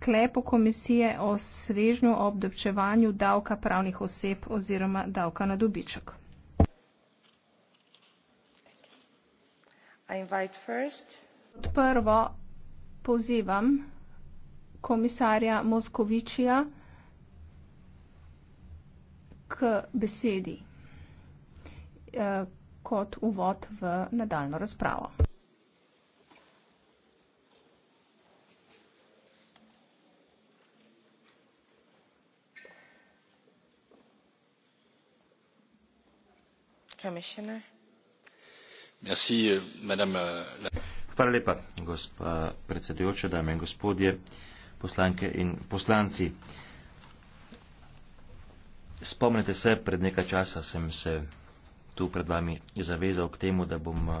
sklepu komisije o svežnju obdobčevanju davka pravnih oseb oziroma davka na dobiček. Prvo pozivam komisarja Moskovičija k besedi eh, kot uvod v nadaljno razpravo. Euh, euh, gospa predsedujoča, dame in gospodje, poslanke in poslanci. Spomnite se, pred nekaj časa sem se tu pred vami zavezal k temu, da bom eh,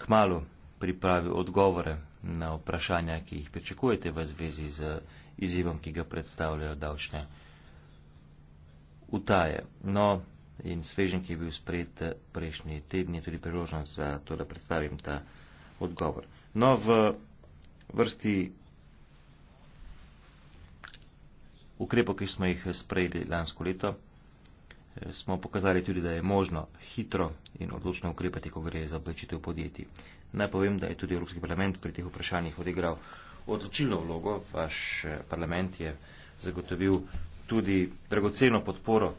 kmalo pripravil odgovore na vprašanja, ki jih pričakujete v zvezi z eh, izzivom, ki ga predstavljajo davčne utaje. No, in svežen, ki je bil sprejet eh, prejšnji teden, je tudi priložnost za to, da predstavim ta odgovor. No, v vrsti ukrepov, ki smo jih eh, sprejeli lansko leto, eh, smo pokazali tudi, da je možno hitro in odločno ukrepati, ko gre za obvečitev podjetij. Naj povem, da je tudi Evropski parlament pri teh vprašanjih odigral odločilno vlogo. Vaš parlament je zagotovil tudi dragoceno podporo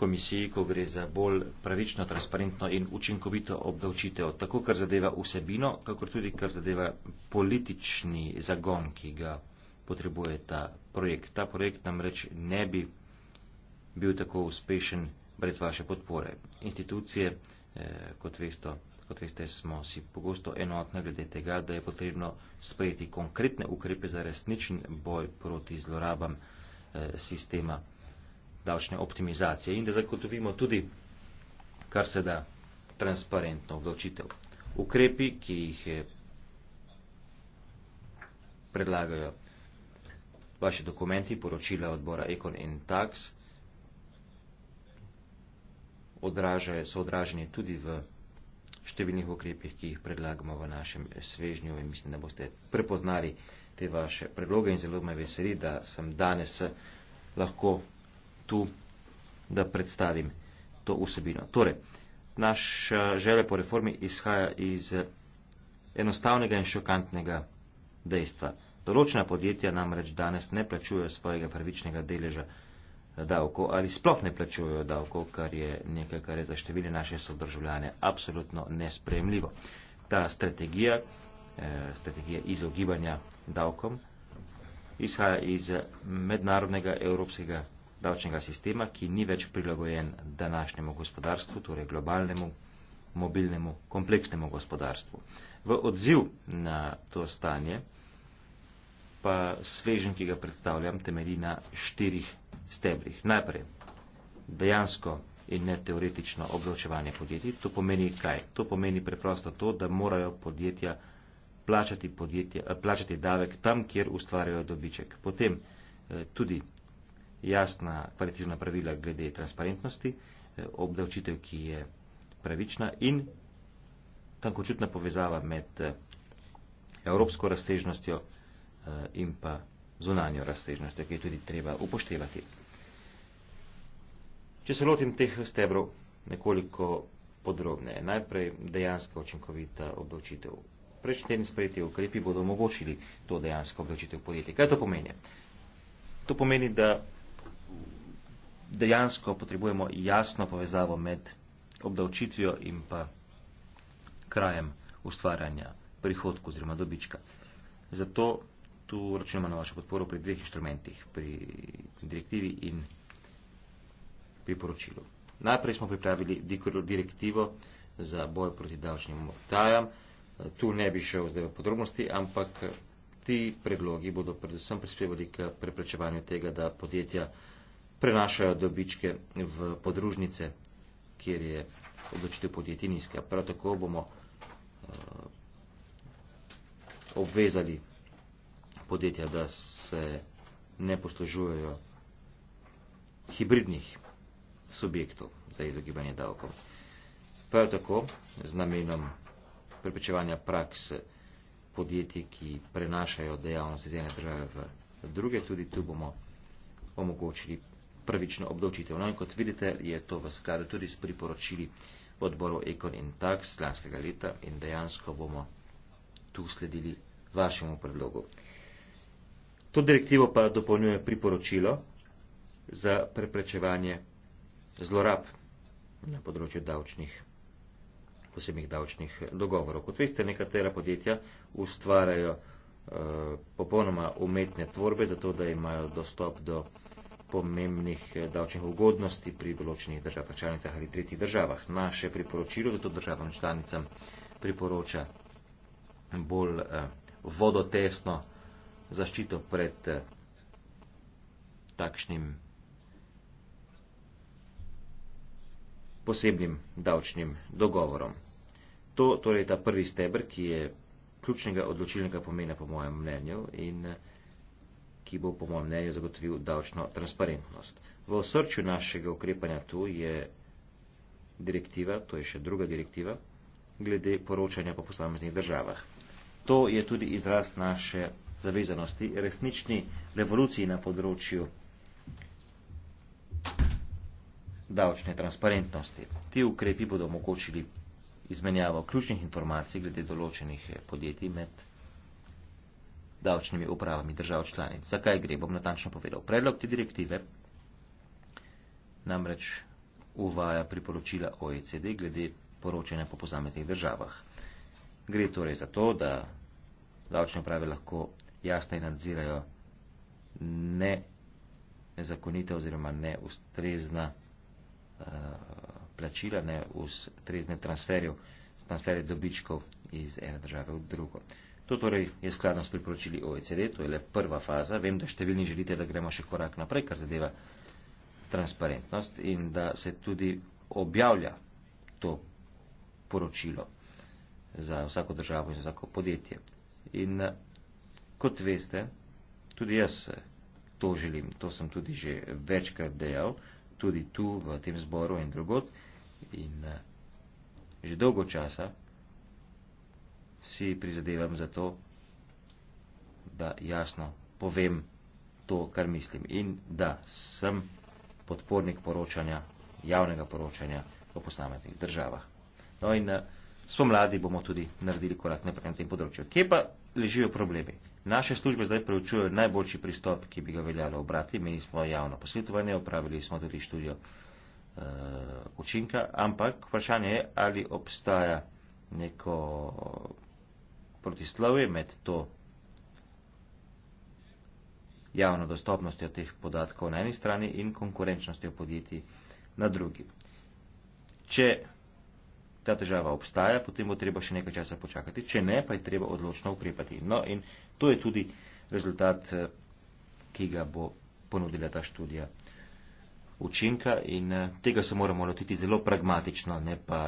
komisiji, ko gre za bolj pravično, transparentno in učinkovito obdavčitev, tako kar zadeva vsebino, kakor tudi kar zadeva politični zagon, ki ga potrebuje ta projekt. Ta projekt namreč ne bi bil tako uspešen brez vaše podpore. Institucije, eh, kot, veste, kot veste, smo si pogosto enotne glede tega, da je potrebno sprejeti konkretne ukrepe za resničen boj proti zlorabam eh, sistema davčne optimizacije in da zagotovimo tudi, kar se da, transparentno obdavčitev. Ukrepi, ki jih predlagajo vaši dokumenti, poročila odbora Econ in Tax, odražajo, so odraženi tudi v številnih ukrepih, ki jih predlagamo v našem svežnju in mislim, da boste prepoznali te vaše predloge in zelo me veseli, da sem danes lahko tu, da predstavim to vsebino. Torej, naš žele po reformi izhaja iz enostavnega in šokantnega dejstva. Določena podjetja namreč danes ne plačujejo svojega pravičnega deleža davkov ali sploh ne plačujejo davkov, kar je nekaj, kar je za številne naše sodržavljane absolutno nespremljivo. Ta strategija, eh, strategija izogibanja davkom, izhaja iz mednarodnega evropskega davčnega sistema, ki ni več prilagojen današnjemu gospodarstvu, torej globalnemu, mobilnemu, kompleksnemu gospodarstvu. V odziv na to stanje pa svežen, ki ga predstavljam, temelji na štirih stebrih. Najprej dejansko in ne teoretično obdavčevanje podjetij. To pomeni kaj? To pomeni preprosto to, da morajo podjetja plačati, podjetja eh, plačati davek tam, kjer ustvarjajo dobiček. Potem eh, tudi jasna kvalitativna pravila glede transparentnosti, eh, obdavčitev, ki je pravična in tankočutna povezava med eh, evropsko razsežnostjo eh, in pa zunanjo razsežnostjo, ki je tudi treba upoštevati. Če se lotim teh stebrov nekoliko podrobneje, najprej dejansko učinkovita obdavčitev. Prejšnji teden sprejeti ukrepi bodo omogočili to dejansko obdavčitev podjetij. Kaj to pomeni? To pomeni, da dejansko potrebujemo jasno povezavo med obdavčitvijo in pa krajem ustvarjanja prihodku oziroma dobička. Zato tu računamo na vašo podporo pri dveh inštrumentih, pri direktivi in pri poročilu. Najprej smo pripravili direktivo za boj proti davčnim mortajam. Tu ne bi šel zdaj v podrobnosti, ampak ti predlogi bodo predvsem prispevali k preprečevanju tega, da podjetja prenašajo dobičke v podružnice, kjer je odločitev podjetij nizka. Prav tako bomo uh, obvezali podjetja, da se ne poslužujejo hibridnih subjektov za izogibanje davkov. Prav tako z namenom preprečevanja praks podjetij, ki prenašajo dejavnost iz ene države v druge, tudi tu bomo omogočili pravično obdavčitev. No in kot vidite, je to v skladu tudi s priporočili odboru Ekon in Tax lanskega leta in dejansko bomo tu sledili vašemu predlogu. To direktivo pa dopolnjuje priporočilo za preprečevanje zlorab na področju davčnih, posebnih davčnih dogovorov. Kot veste, nekatera podjetja ustvarjajo eh, popolnoma umetne tvorbe, zato da imajo dostop do pomembnih eh, davčnih ugodnosti pri določenih državah, članicah ali tretjih državah. Naše priporočilo, da to državam članicam priporoča bolj eh, vodotesno zaščito pred eh, takšnim posebnim davčnim dogovorom. To torej je ta prvi stebr, ki je ključnega odločilnega pomena po mojem mnenju in eh, ki bo po mojem mnenju zagotovil davčno transparentnost. V osrčju našega ukrepanja tu je direktiva, to je še druga direktiva, glede poročanja po posameznih državah. To je tudi izraz naše zavezanosti, resnični revoluciji na področju davčne transparentnosti. Ti ukrepi bodo omogočili izmenjavo ključnih informacij glede določenih podjetij med državami davčnimi upravami držav članic. Zakaj gre? Bom natančno povedal. Predlog te direktive namreč uvaja priporočila OECD glede poročanja po posameznih državah. Gre torej za to, da davčne uprave lahko jasno in nadzirajo ne, nezakonite oziroma neustrezna uh, plačila, neustrezne transferje, transferje dobičkov iz ene države v drugo. Uh, To torej je skladno s priporočili OECD, to je le prva faza. Vem, da številni želite, da gremo še korak naprej, kar zadeva transparentnost in da se tudi objavlja to poročilo za vsako državo in za vsako podjetje. In eh, kot veste, tudi jaz eh, to želim, to sem tudi že večkrat dejal, tudi tu v tem zboru in drugod. In eh, že dolgo časa si prizadevam za to, da jasno povem to, kar mislim in da sem podpornik poročanja, javnega poročanja v posameznih državah. No in eh, spomladi bomo tudi naredili korak naprej na tem področju. Kje pa ležijo problemi? Naše službe zdaj preučujejo najboljši pristop, ki bi ga veljalo obrati. Mi smo javno posvetovanje, upravili smo tudi študijo e, učinka, ampak vprašanje je, ali obstaja neko protislavje med to javno dostopnostjo teh podatkov na eni strani in konkurenčnostjo podjetij na drugi. Če ta težava obstaja, potem bo treba še nekaj časa počakati, če ne, pa je treba odločno ukrepati. No in to je tudi rezultat, eh, ki ga bo ponudila ta študija učinka in eh, tega se moramo lotiti zelo pragmatično, ne pa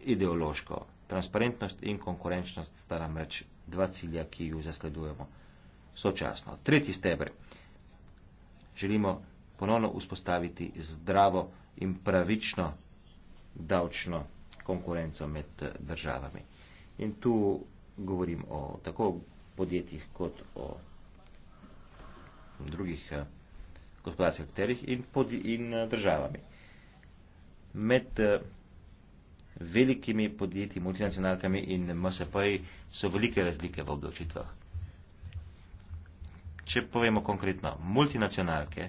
ideološko. Transparentnost in konkurenčnost sta namreč dva cilja, ki ju zasledujemo sočasno. Tretji stebr. Želimo ponovno vzpostaviti zdravo in pravično davčno konkurenco med državami. In tu govorim o tako podjetjih kot o drugih eh, gospodarskih akterjih in, pod, in eh, državami. Med eh, velikimi podjetji, multinacionalkami in MSP-ji so velike razlike v obdočitvah. Če povemo konkretno, multinacionalke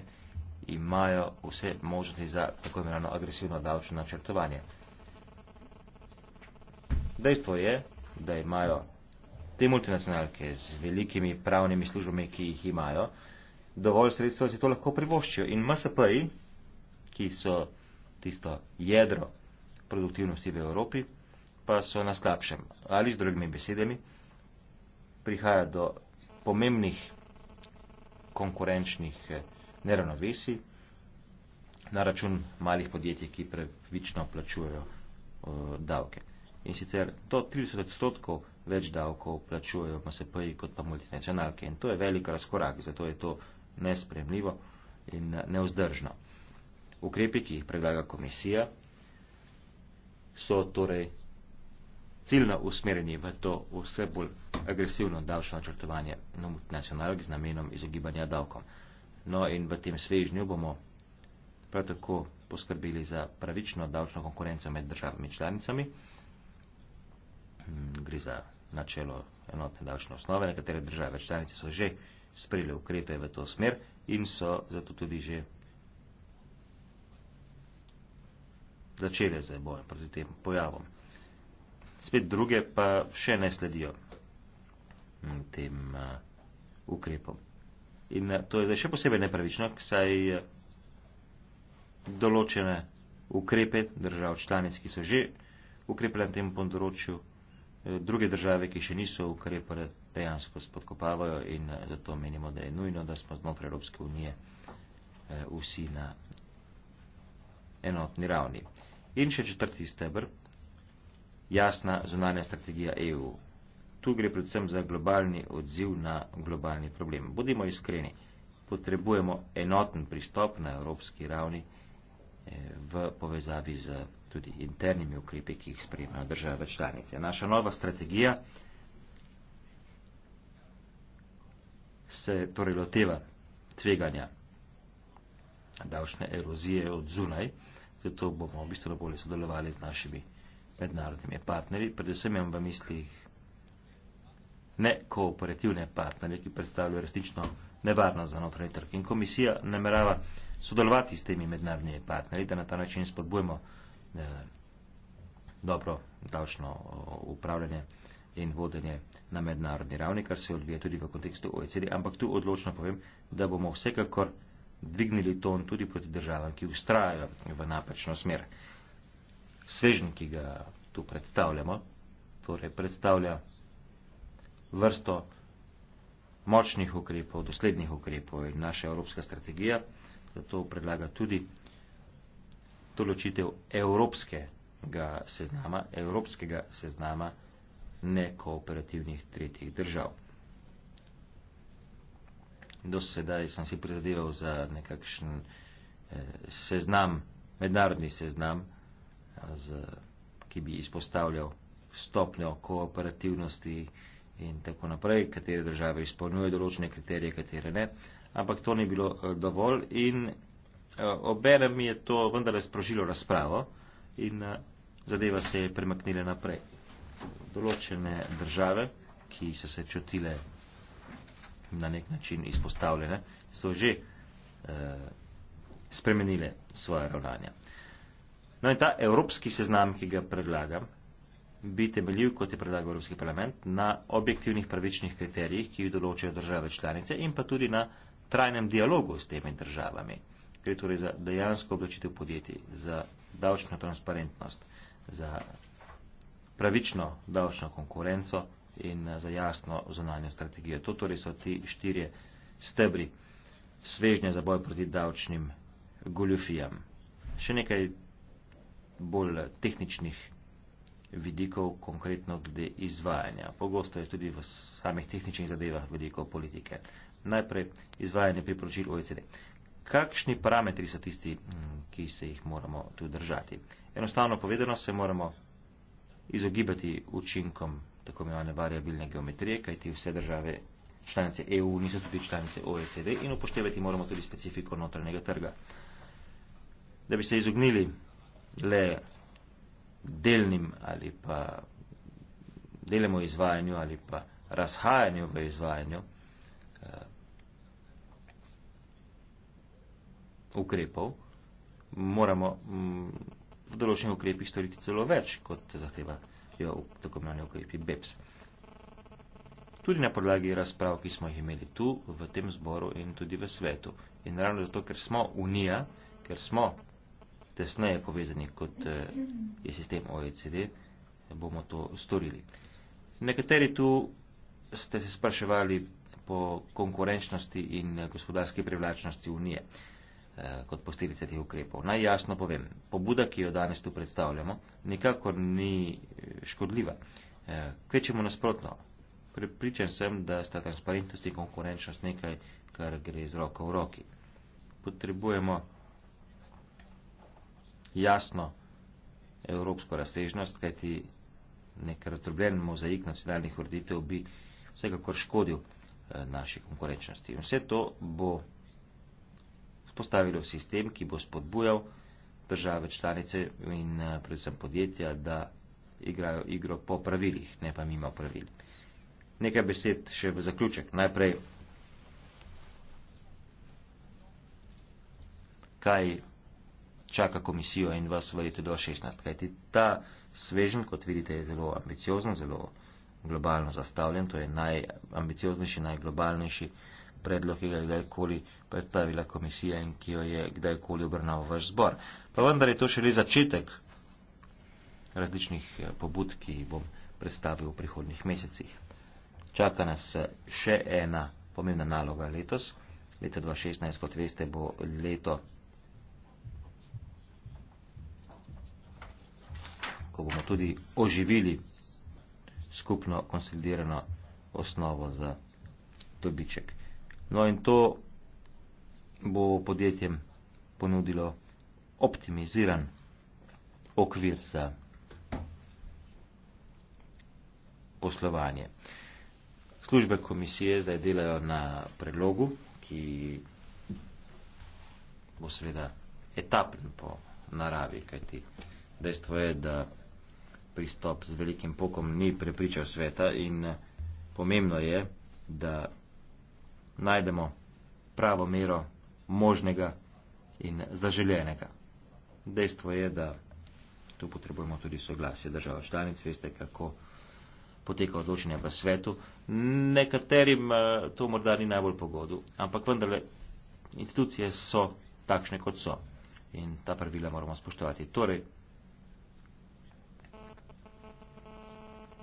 imajo vse možnosti za tako imenovano agresivno davčno načrtovanje. Dejstvo je, da imajo te multinacionalke z velikimi pravnimi službami, ki jih imajo, dovolj sredstva, da si to lahko privoščijo. In MSP-ji, ki so tisto jedro produktivnosti v Evropi, pa so na slabšem. Ali z drugimi besedami, prihaja do pomembnih konkurenčnih eh, neravnovesij na račun malih podjetij, ki prevično plačujejo uh, davke. In sicer do 30 odstotkov več davkov plačujejo MSP-ji kot pa multinacionalke. In to je velik razkorak, zato je to nespremljivo in eh, neuzdržno. Ukrepi, ki jih predlaga komisija, so torej ciljno usmerjeni v to vse bolj agresivno davčno načrtovanje na multinacionalk z namenom izogibanja davkom. No in v tem svežnju bomo prav tako poskrbeli za pravično davčno konkurenco med državami članicami. Mm, gre za načelo enotne davčne osnove, nekatere države članice so že sprejeli ukrepe v to smer in so zato tudi že začele zdaj boje proti tem pojavom. Spet druge pa še ne sledijo tem uh, ukrepom. In to je zdaj še posebej nepravično, saj določene ukrepe držav članic, ki so že ukrepile na tem področju, druge države, ki še niso ukrepile, dejansko spodkopavajo in zato menimo, da je nujno, da smo znotraj Evropske unije vsi na enotni ravni. In še četrti stebr, jasna zunanja strategija EU. Tu gre predvsem za globalni odziv na globalni problem. Bodimo iskreni, potrebujemo enoten pristop na evropski ravni eh, v povezavi z tudi internimi ukrepi, ki jih sprejemajo države članice. Naša nova strategija se torej loteva tveganja davčne erozije od zunaj zato bomo bistveno bolje sodelovali z našimi mednarodnimi partnerji, predvsem imam v mislih ne kooperativne partnerje, ki predstavljajo resnično nevarnost za notranji trg. In komisija namerava sodelovati s temi mednarodnimi partnerji, da na ta način spodbujemo eh, dobro davčno eh, upravljanje in vodenje na mednarodni ravni, kar se odvija tudi v kontekstu OECD, ampak tu odločno povem, da bomo vsekakor dvignili ton tudi proti državam, ki ustrajajo v napačno smer. Svežen, ki ga tu predstavljamo, torej predstavlja vrsto močnih ukrepov, doslednih ukrepov in naša evropska strategija, zato predlaga tudi določitev evropskega seznama, evropskega seznama nekooperativnih tretjih držav do sedaj sem si prizadeval za nekakšen eh, seznam, mednarodni seznam, eh, ki bi izpostavljal stopnjo kooperativnosti in tako naprej, katere države izpolnjuje določene kriterije, katere ne, ampak to ni bilo eh, dovolj in obere mi je to vendarle sprožilo razpravo in zadeva se je premaknila naprej. Določene države, ki so se čutile na nek način izpostavljene, so že eh, spremenile svoje ravnanja. No in ta evropski seznam, ki ga predlagam, bi temeljil, kot je predlagal Evropski parlament, na objektivnih pravičnih kriterijih, ki jih določajo države članice in pa tudi na trajnem dialogu s temi državami. Gre torej za dejansko obločitev podjetij, za davčno transparentnost, za pravično davčno konkurenco in eh, za jasno zunanjo strategijo. To torej so ti štirje stebri svežnja za boj proti davčnim goljufijam. Še nekaj bolj tehničnih vidikov, konkretno glede izvajanja. Pogosto je tudi v samih tehničnih zadevah vidikov politike. Najprej izvajanje priporočil OECD. Kakšni parametri so tisti, mm, ki se jih moramo tu držati? Enostavno povedano se moramo izogibati učinkom tako imenovane variabilne geometrije, kajti vse države članice EU niso tudi članice OECD in upoštevati moramo tudi specifiko notranjega trga. Da bi se izognili le delnim ali pa delemo izvajanju ali pa razhajanju v izvajanju uh, ukrepov, moramo mm, v določenih ukrepih storiti celo več, kot zahteva jo tako imenovani ukrepi BEPS. Tudi na podlagi razprav, ki smo jih imeli tu, v tem zboru in tudi v svetu. In ravno zato, ker smo Unija, ker smo tesneje povezani kot eh, je sistem OECD, bomo to storili. Nekateri tu ste se spraševali po konkurenčnosti in eh, gospodarski privlačnosti Unije. Uh, Eh, kot posledice teh ukrepov. Naj jasno povem, pobuda, ki jo danes tu predstavljamo, nikakor ni eh, škodljiva. Eh, Kvečemo nasprotno. Pripričan sem, da sta transparentnost in konkurenčnost nekaj, kar gre iz roka v roki. Potrebujemo jasno evropsko razsežnost, kajti nek razdrobljen mozaik nacionalnih ureditev bi vsekakor škodil naši konkurenčnosti. In vse to bo postavili v sistem, ki bo spodbujal države članice in eh, predvsem podjetja, da igrajo igro po pravilih, ne pa mimo pravil. Nekaj besed še v zaključek. Najprej, kaj čaka komisijo in vas v letu 2016. Kajti ta svežen, kot vidite, je zelo ambiciozen, zelo globalno zastavljen, to je najambicioznejši, najglobalnejši predlog, ki ga je kdajkoli predstavila komisija in ki jo je kdajkoli obrnal vaš zbor. Pa vendar je to šele začetek različnih eh, pobud, ki jih bom predstavil v prihodnjih mesecih. Čaka nas eh, še ena pomembna naloga letos. Leto 2016, kot veste, bo leto, ko bomo tudi oživili skupno konsolidirano osnovo za dobiček. No in to bo podjetjem ponudilo optimiziran okvir za poslovanje. Službe komisije zdaj delajo na predlogu, ki bo seveda etapen po naravi, kajti dejstvo je, da pristop z velikim pokom ni prepričal sveta in pomembno je, da najdemo pravo mero možnega in zaželjenega. Dejstvo je, da tu potrebujemo tudi soglasje držav članic, veste, kako poteka odločenje v svetu. Nekaterim eh, to morda ni najbolj pogodu, ampak vendarle institucije so takšne, kot so in ta pravila moramo spoštovati. Torej,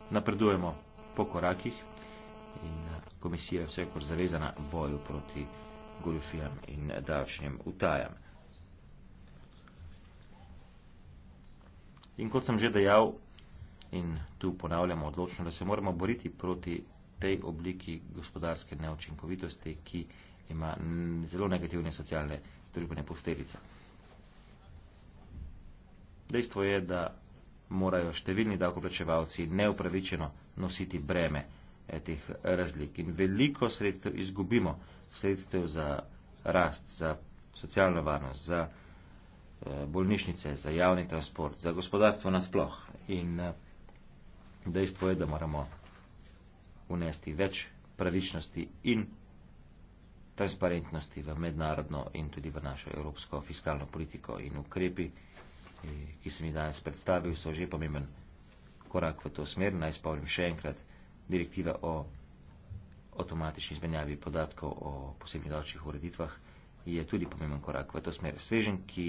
napredujemo po korakih in eh, komisija je vsekor zavezana boju proti goljufijam in davčnim utajam. In kot sem že dejal, in tu ponavljamo odločno, da se moramo boriti proti tej obliki gospodarske neočinkovitosti, ki ima zelo negativne socialne družbene posledice. Dejstvo je, da morajo številni davkoplačevalci neupravičeno nositi breme teh razlik. In veliko sredstev izgubimo, sredstev za rast, za socialno varnost, za eh, bolnišnice, za javni transport, za gospodarstvo nasploh. In eh, dejstvo je, da moramo unesti več pravičnosti in transparentnosti v mednarodno in tudi v našo evropsko fiskalno politiko in ukrepi, eh, ki sem jih danes predstavil, so že pomemben korak v to smer. Naj spomnim še enkrat, direktive o avtomatični izmenjavi podatkov o posebnih davčnih ureditvah je tudi pomemben korak v to smer. Svežen, ki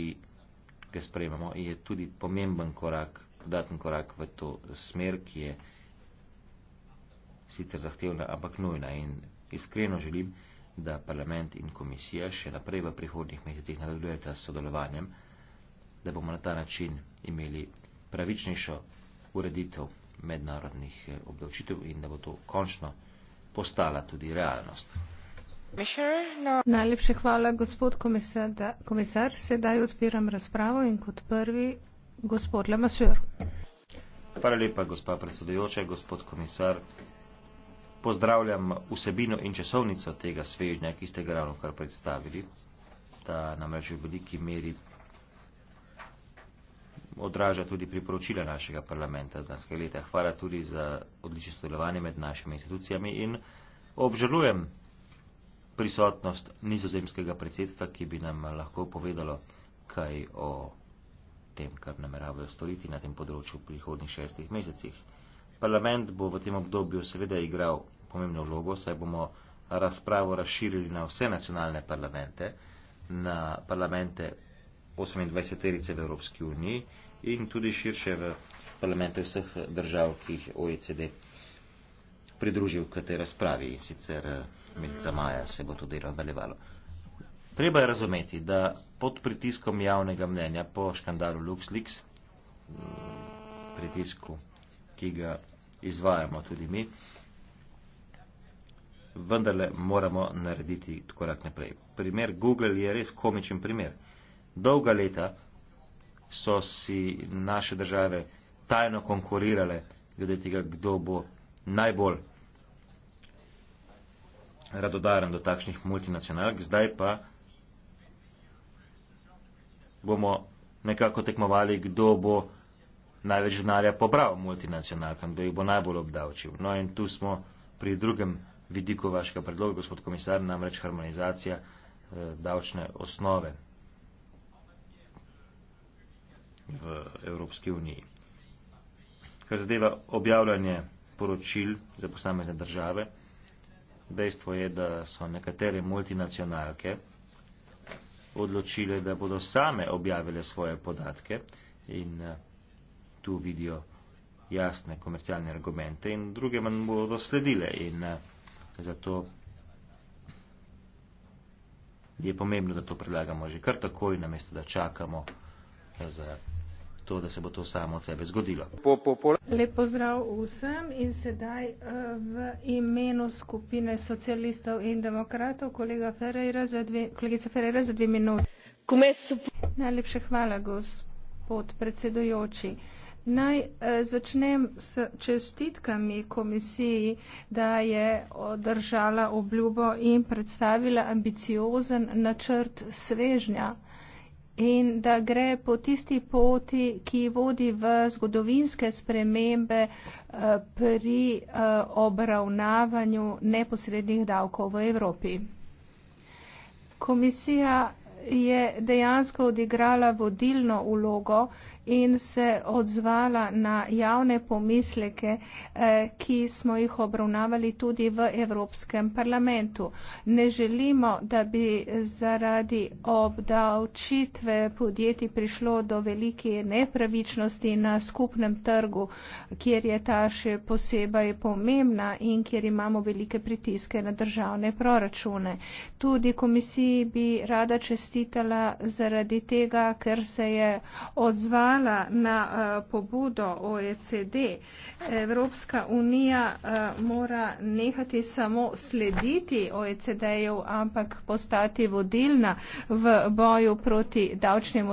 ga sprejemamo, je tudi pomemben korak, dodaten korak v to smer, ki je sicer zahtevna, ampak nujna in iskreno želim, da parlament in komisija še naprej v prihodnjih mesecih nadaljujeta s sodelovanjem, da bomo na ta način imeli pravičnejšo ureditev mednarodnih eh, obdavčitev in da bo to končno postala tudi realnost. Najlepše hvala, gospod komisar, da, komisar. Sedaj odpiram razpravo in kot prvi gospod Lemasur. Hvala lepa, gospa predsedujoča, gospod komisar. Pozdravljam vsebino in časovnico tega svežnja, ki ste ga ravno kar predstavili. Ta namreč v veliki meri odraža tudi priporočila našega parlamenta z lanskega leta. Hvala tudi za odlično sodelovanje med našimi institucijami in obžalujem prisotnost nizozemskega predsedstva, ki bi nam lahko povedalo kaj o tem, kar nameravajo storiti na tem področju v prihodnjih šestih mesecih. Parlament bo v tem obdobju seveda igral pomembno vlogo, saj bomo razpravo razširili na vse nacionalne parlamente, na parlamente 28 terice v Evropski uniji in tudi širše v parlamente vseh držav, ki jih OECD pridružil k tej razpravi in sicer eh, meseca maja se bo to delo nadaljevalo. Treba je razumeti, da pod pritiskom javnega mnenja po škandalu LuxLeaks, mm, pritisku, ki ga izvajamo tudi mi, vendarle moramo narediti korak naprej. Primer Google je res komičen primer. Dolga leta so si naše države tajno konkurirale, glede tega, kdo bo najbolj radodaren do takšnih multinacionalk. Zdaj pa bomo nekako tekmovali, kdo bo največ denarja pobral multinacionalkam, kdo jih bo najbolj obdavčil. No in tu smo pri drugem vidiku vašega predloga, gospod komisar, namreč harmonizacija eh, davčne osnove v Evropski uniji. Kar zadeva objavljanje poročil za posamezne države, dejstvo je, da so nekatere multinacionalke odločile, da bodo same objavile svoje podatke in eh, tu vidijo jasne komercialne argumente in druge manj bodo sledile in eh, zato je pomembno, da to predlagamo že kar takoj, namesto da čakamo za to, da se bo to samo od sebe zgodilo. Lep pozdrav vsem in sedaj eh, v imenu skupine socialistov in demokratov, kolega Ferreira za dve, kolegica Ferreira za dve minuti. Najlepše hvala, gospod predsedujoči. Naj eh, začnem s čestitkami komisiji, da je održala obljubo in predstavila ambiciozen načrt svežnja in da gre po tisti poti, ki vodi v zgodovinske spremembe eh, pri eh, obravnavanju neposrednih davkov v Evropi. Komisija je dejansko odigrala vodilno ulogo, in se odzvala na javne pomisleke, eh, ki smo jih obravnavali tudi v Evropskem parlamentu. Ne želimo, da bi zaradi obdavčitve podjetij prišlo do velike nepravičnosti na skupnem trgu, kjer je ta še posebej pomembna in kjer imamo velike pritiske na državne proračune. Tudi komisiji bi rada čestitala zaradi tega, ker se je odzvala pozvala na eh, pobudo OECD. Evropska unija eh, mora nehati samo slediti OECD-ju, ampak postati vodilna v boju proti davčnim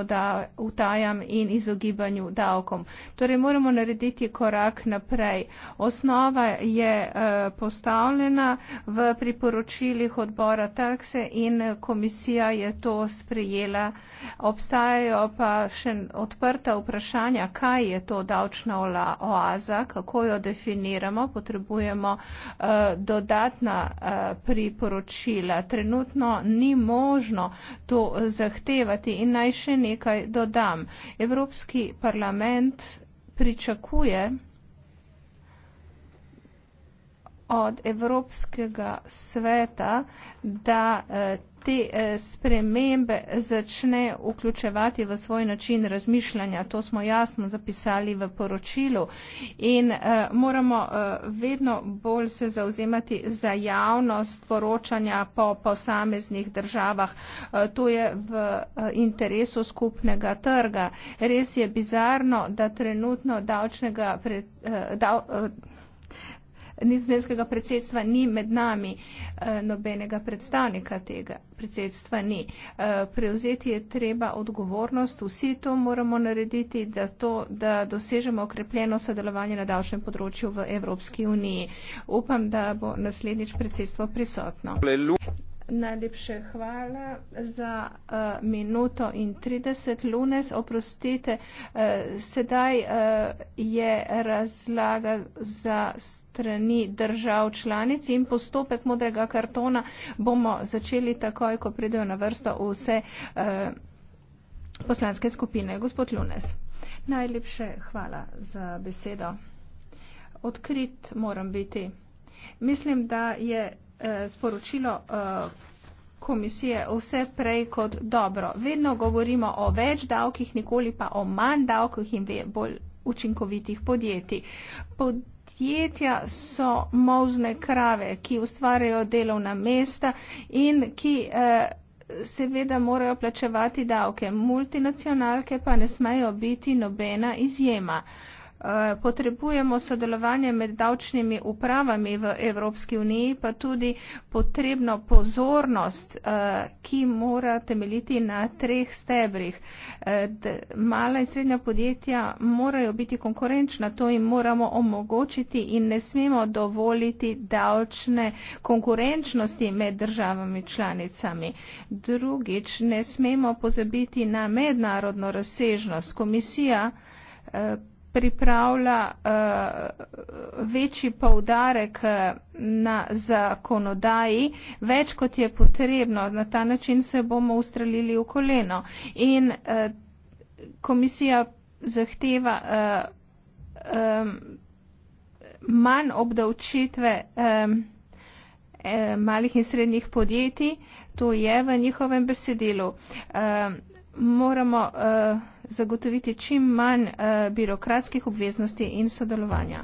utajam in izogibanju davkom. Torej moramo narediti korak naprej. Osnova je eh, postavljena v priporočilih odbora takse in komisija je to sprejela. Obstajajo pa še odprta tista vprašanja, kaj je to davčna oaza, kako jo definiramo, potrebujemo uh, dodatna uh, priporočila. Trenutno ni možno to zahtevati in naj še nekaj dodam. Evropski parlament pričakuje, od Evropskega sveta, da eh, te eh, spremembe začne vključevati v svoj način razmišljanja. To smo jasno zapisali v poročilu in eh, moramo vedno bolj se zauzemati za javnost poročanja po posameznih državah. To je v interesu skupnega trga. Res je bizarno, da trenutno davčnega pred, dav, nizozemskega predsedstva ni med nami, eh, nobenega predstavnika tega predsedstva ni. Eh, prevzeti je treba odgovornost, vsi to moramo narediti, da, to, da dosežemo okrepljeno sodelovanje na davčnem področju v Evropski uniji. Upam, da bo naslednjič predsedstvo prisotno. Najlepše hvala za uh, minuto in 30. Lunes, oprostite, uh, sedaj uh, je razlaga za strani držav članic in postopek modrega kartona bomo začeli takoj, ko pridejo na vrsto vse eh, poslanske skupine. Gospod Lunes. Najlepše hvala za besedo. Odkrit moram biti. Mislim, da je eh, sporočilo eh, komisije vse prej kot dobro. Vedno govorimo o več davkih, nikoli pa o manj davkih in bolj učinkovitih podjetij. Pod podjetja so mozne krave, ki ustvarjajo delovna mesta in ki eh, seveda morajo plačevati davke. Multinacionalke pa ne smejo biti nobena izjema. Eh, potrebujemo sodelovanje med davčnimi upravami v Evropski uniji, pa tudi potrebno pozornost, eh, ki mora temeljiti na treh stebrih. Eh, mala in srednja podjetja morajo biti konkurenčna, to jim moramo omogočiti in ne smemo dovoliti davčne konkurenčnosti med državami članicami. Drugič, ne smemo pozabiti na mednarodno razsežnost. Komisija pripravlja uh, večji poudarek eh, na zakonodaji, več kot je potrebno. Na ta način se bomo ustrelili v koleno. In uh, komisija zahteva uh, um, manj obdavčitve um, eh, malih in srednjih podjetij, to je v njihovem besedilu. Uh, moramo uh, zagotoviti čim manj uh, birokratskih obveznosti in sodelovanja.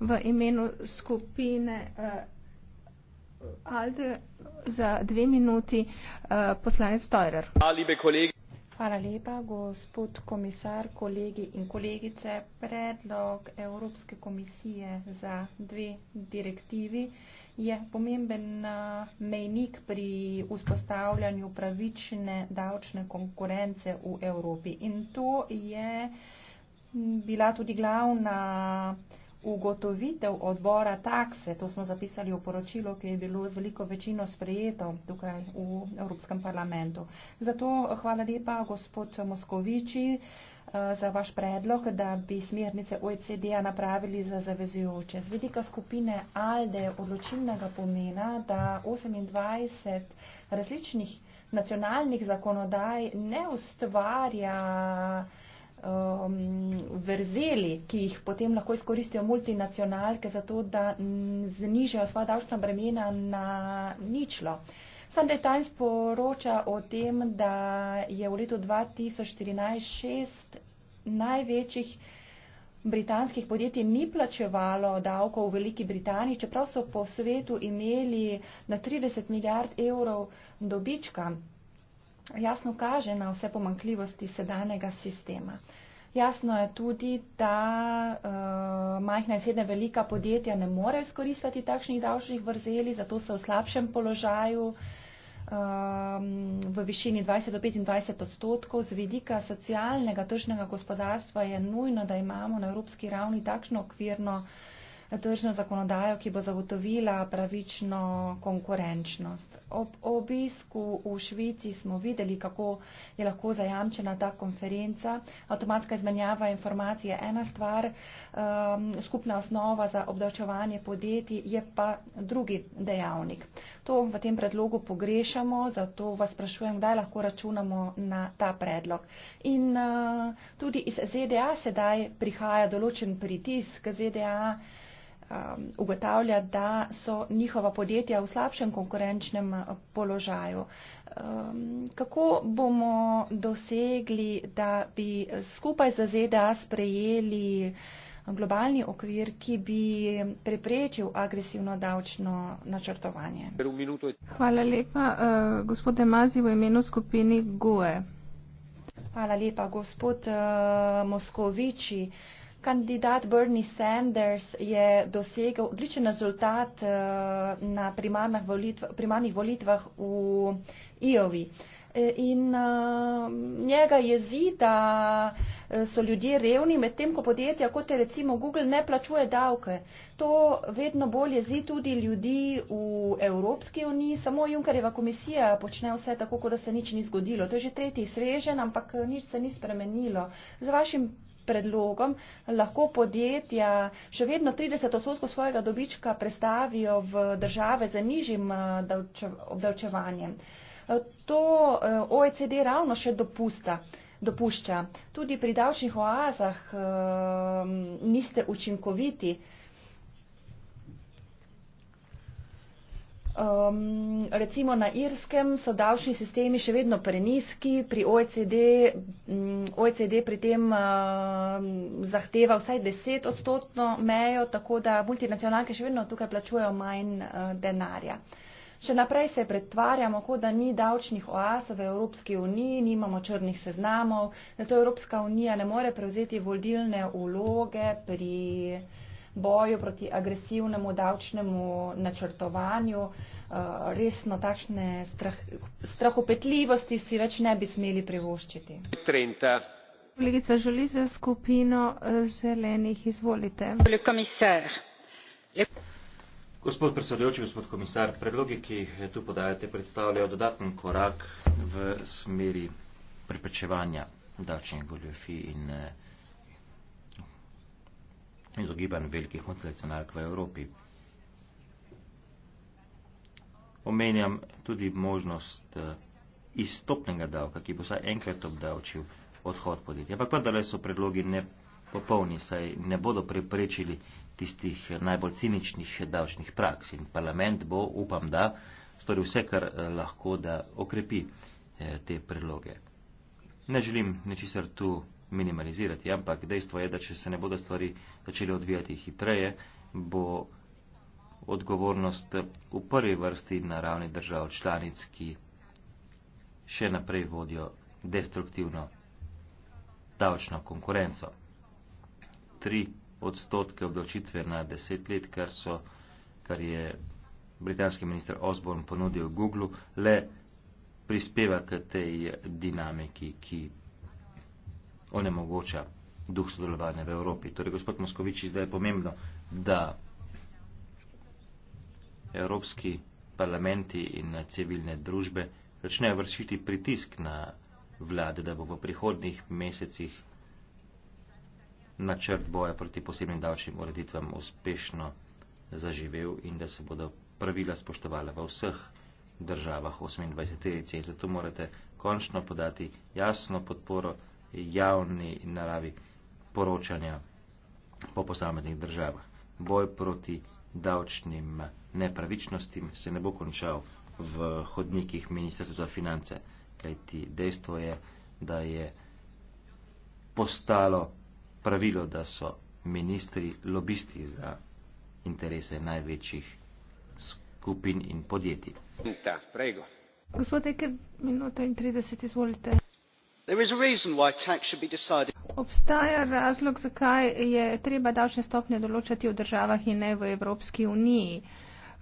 V imenu skupine uh, ALDE za dve minuti uh, poslanec Teurer. Hvala lepa, gospod komisar, kolegi in kolegice. Predlog Evropske komisije za dve direktivi je pomemben uh, mejnik pri vzpostavljanju pravične davčne konkurence v Evropi. In to je bila tudi glavna ugotovitev odbora takse, to smo zapisali v poročilo, ki je bilo z veliko večino sprejeto tukaj v Evropskem parlamentu. Zato hvala lepa gospod Moskoviči. Eh, za vaš predlog, da bi smernice OECD-a napravili za zavezujoče. Z vidika skupine ALDE je odločilnega pomena, da 28 različnih nacionalnih zakonodaj ne ustvarja um, verzeli, ki jih potem lahko izkoristijo multinacionalke za to, da znižajo sva davčna bremena na ničlo. Uh, Sunday Times poroča o tem, da je v letu 2014 šest največjih britanskih podjetij ni plačevalo davkov v Veliki Britaniji, čeprav so po svetu imeli na 30 milijard evrov dobička. Jasno kaže na vse pomankljivosti sedanega sistema. Jasno je tudi, da uh, majhna in srednja velika podjetja ne morejo skoristiti takšnih davčnih vrzeli, zato so v slabšem položaju. Uh, Um, v višini 20 do 25 odstotkov. Z vedika socialnega tržnega gospodarstva je nujno, da imamo na evropski ravni takšno okvirno uh, tržno zakonodajo, ki bo zagotovila pravično konkurenčnost. Ob obisku v Švici smo videli, kako je lahko zajamčena ta konferenca. Avtomatska izmenjava informacij je ena stvar, um, skupna osnova za obdavčevanje podjetij je pa drugi dejavnik. To v tem predlogu pogrešamo, zato vas sprašujem, kdaj lahko računamo na ta predlog. In uh, tudi iz ZDA sedaj prihaja določen pritisk ZDA um, ugotavlja, da so njihova podjetja v slabšem konkurenčnem uh, položaju. Um, kako bomo dosegli, da bi skupaj z ZDA sprejeli globalni okvir, ki bi preprečil agresivno davčno načrtovanje? Hvala lepa, uh, gospod Demazi, v imenu skupini GUE. Hvala lepa, gospod uh, Moskoviči. Uh, Kandidat Bernie Sanders je dosegel odličen rezultat eh, na primarnih volitvah, primarnih volitvah v Iovi. Eh, in uh, njega jezi, da so ljudje revni, medtem ko podjetja, kot je recimo Google, ne plačuje davke. To vedno bolj jezi tudi ljudi v Evropski uniji, samo Junkareva komisija počne vse tako, kot da se nič ni zgodilo. To je že tretji srežen, ampak nič se ni spremenilo. Z vašim predlogom lahko podjetja še vedno 30 odstotkov svojega dobička prestavijo v države z nižjim eh, obdavčevanjem. Eh, to eh, OECD ravno še dopusta. Dopušča. Tudi pri davčnih oazah um, niste učinkoviti. Uh, Um, recimo na Irskem so davčni sistemi še vedno preniski, pri OECD, mm, OECD pri tem uh, zahteva vsaj deset odstotno mejo, tako da multinacionalke še vedno tukaj plačujejo manj uh, denarja. Še naprej se pretvarjamo, kot da ni davčnih oas v Evropski uniji, nimamo črnih seznamov, zato Evropska unija ne more prevzeti vodilne uloge pri boju proti agresivnemu davčnemu načrtovanju. Eh, resno takšne strah, strahopetljivosti si več ne bi smeli privoščiti. Trenta. Kolegica želi za skupino eh, zelenih, izvolite. Gospod predsedujoči, gospod komisar, predlogi, ki jih eh, tu podajate, predstavljajo dodaten korak v smeri preprečevanja davčnih goljofij in eh, iz ogibanj velikih multinacionalk v Evropi. Omenjam tudi možnost eh, izstopnega davka, ki bo vsaj enkrat obdavčil odhod podjetja. Ampak vendarle so predlogi nepopolni, saj ne bodo preprečili tistih eh, najbolj ciničnih davčnih praks. In parlament bo, upam, da stori vse, kar eh, lahko, da okrepi te predloge. Ne želim nečesar tu minimalizirati, ampak dejstvo je, da če se ne bodo stvari začeli odvijati hitreje, bo odgovornost v prvi vrsti na ravni držav članic, ki še naprej vodijo destruktivno davčno konkurenco. Tri odstotke obdavčitve na deset let, kar, so, kar je britanski minister Osborne ponudil Google, le prispeva k tej dinamiki, ki onemogoča duh sodelovanja v Evropi. Torej, gospod Moskoviči, zdaj je pomembno, da evropski parlamenti in civilne družbe začnejo vršiti pritisk na vlade, da bo v prihodnih mesecih načrt boja proti posebnim davčnim ureditvam uspešno zaživel in da se bodo pravila spoštovala v vseh državah 28. Terice. In zato morate končno podati jasno podporo javni naravi poročanja po posameznih državah. Boj proti davčnim nepravičnostim se ne bo končal v hodnikih ministrstva za finance, kajti dejstvo je, da je postalo pravilo, da so ministri lobisti za interese največjih skupin in podjetij. Gospod Eker, minuta in 30, izvolite obstaja razlog zakaj je treba davčne stopnje določati v državah in ne v evropski uniji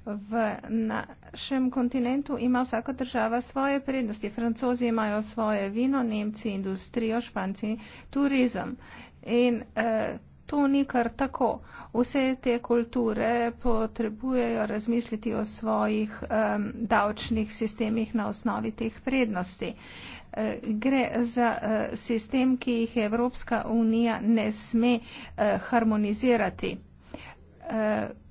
v našem kontinentu ima vsaka država svoje prednosti francozi imajo svoje vino nemci industrijo španci turizem in eh, to ni kar tako vse te kulture potrebujejo razmisliti o svojih um, davčnih sistemih na osnovi teh prednosti uh, Eh, gre za eh, sistem, ki jih Evropska unija ne sme eh, harmonizirati.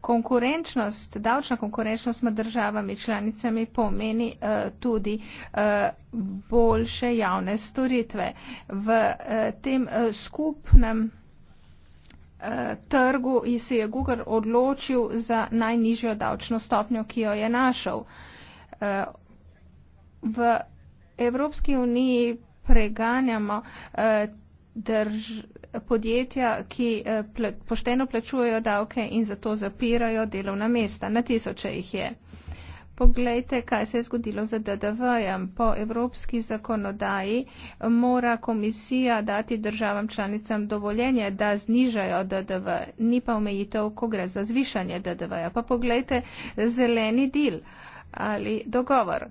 Konkurenčnost, davčna konkurenčnost med državami članicami pomeni tudi boljše javne storitve. V tem skupnem trgu se je Google odločil za najnižjo davčno stopnjo, ki jo je našel. V Evropski uniji preganjamo eh, drž, podjetja, ki eh, pl pošteno plačujejo davke in zato zapirajo delovna mesta. Na tisoče jih je. Poglejte, kaj se je zgodilo z DDV-jem. Po evropski zakonodaji mora komisija dati državam članicam dovoljenje, da znižajo DDV, ni pa omejitev, ko gre za zvišanje DDV-ja. Pa poglejte zeleni del ali dogovor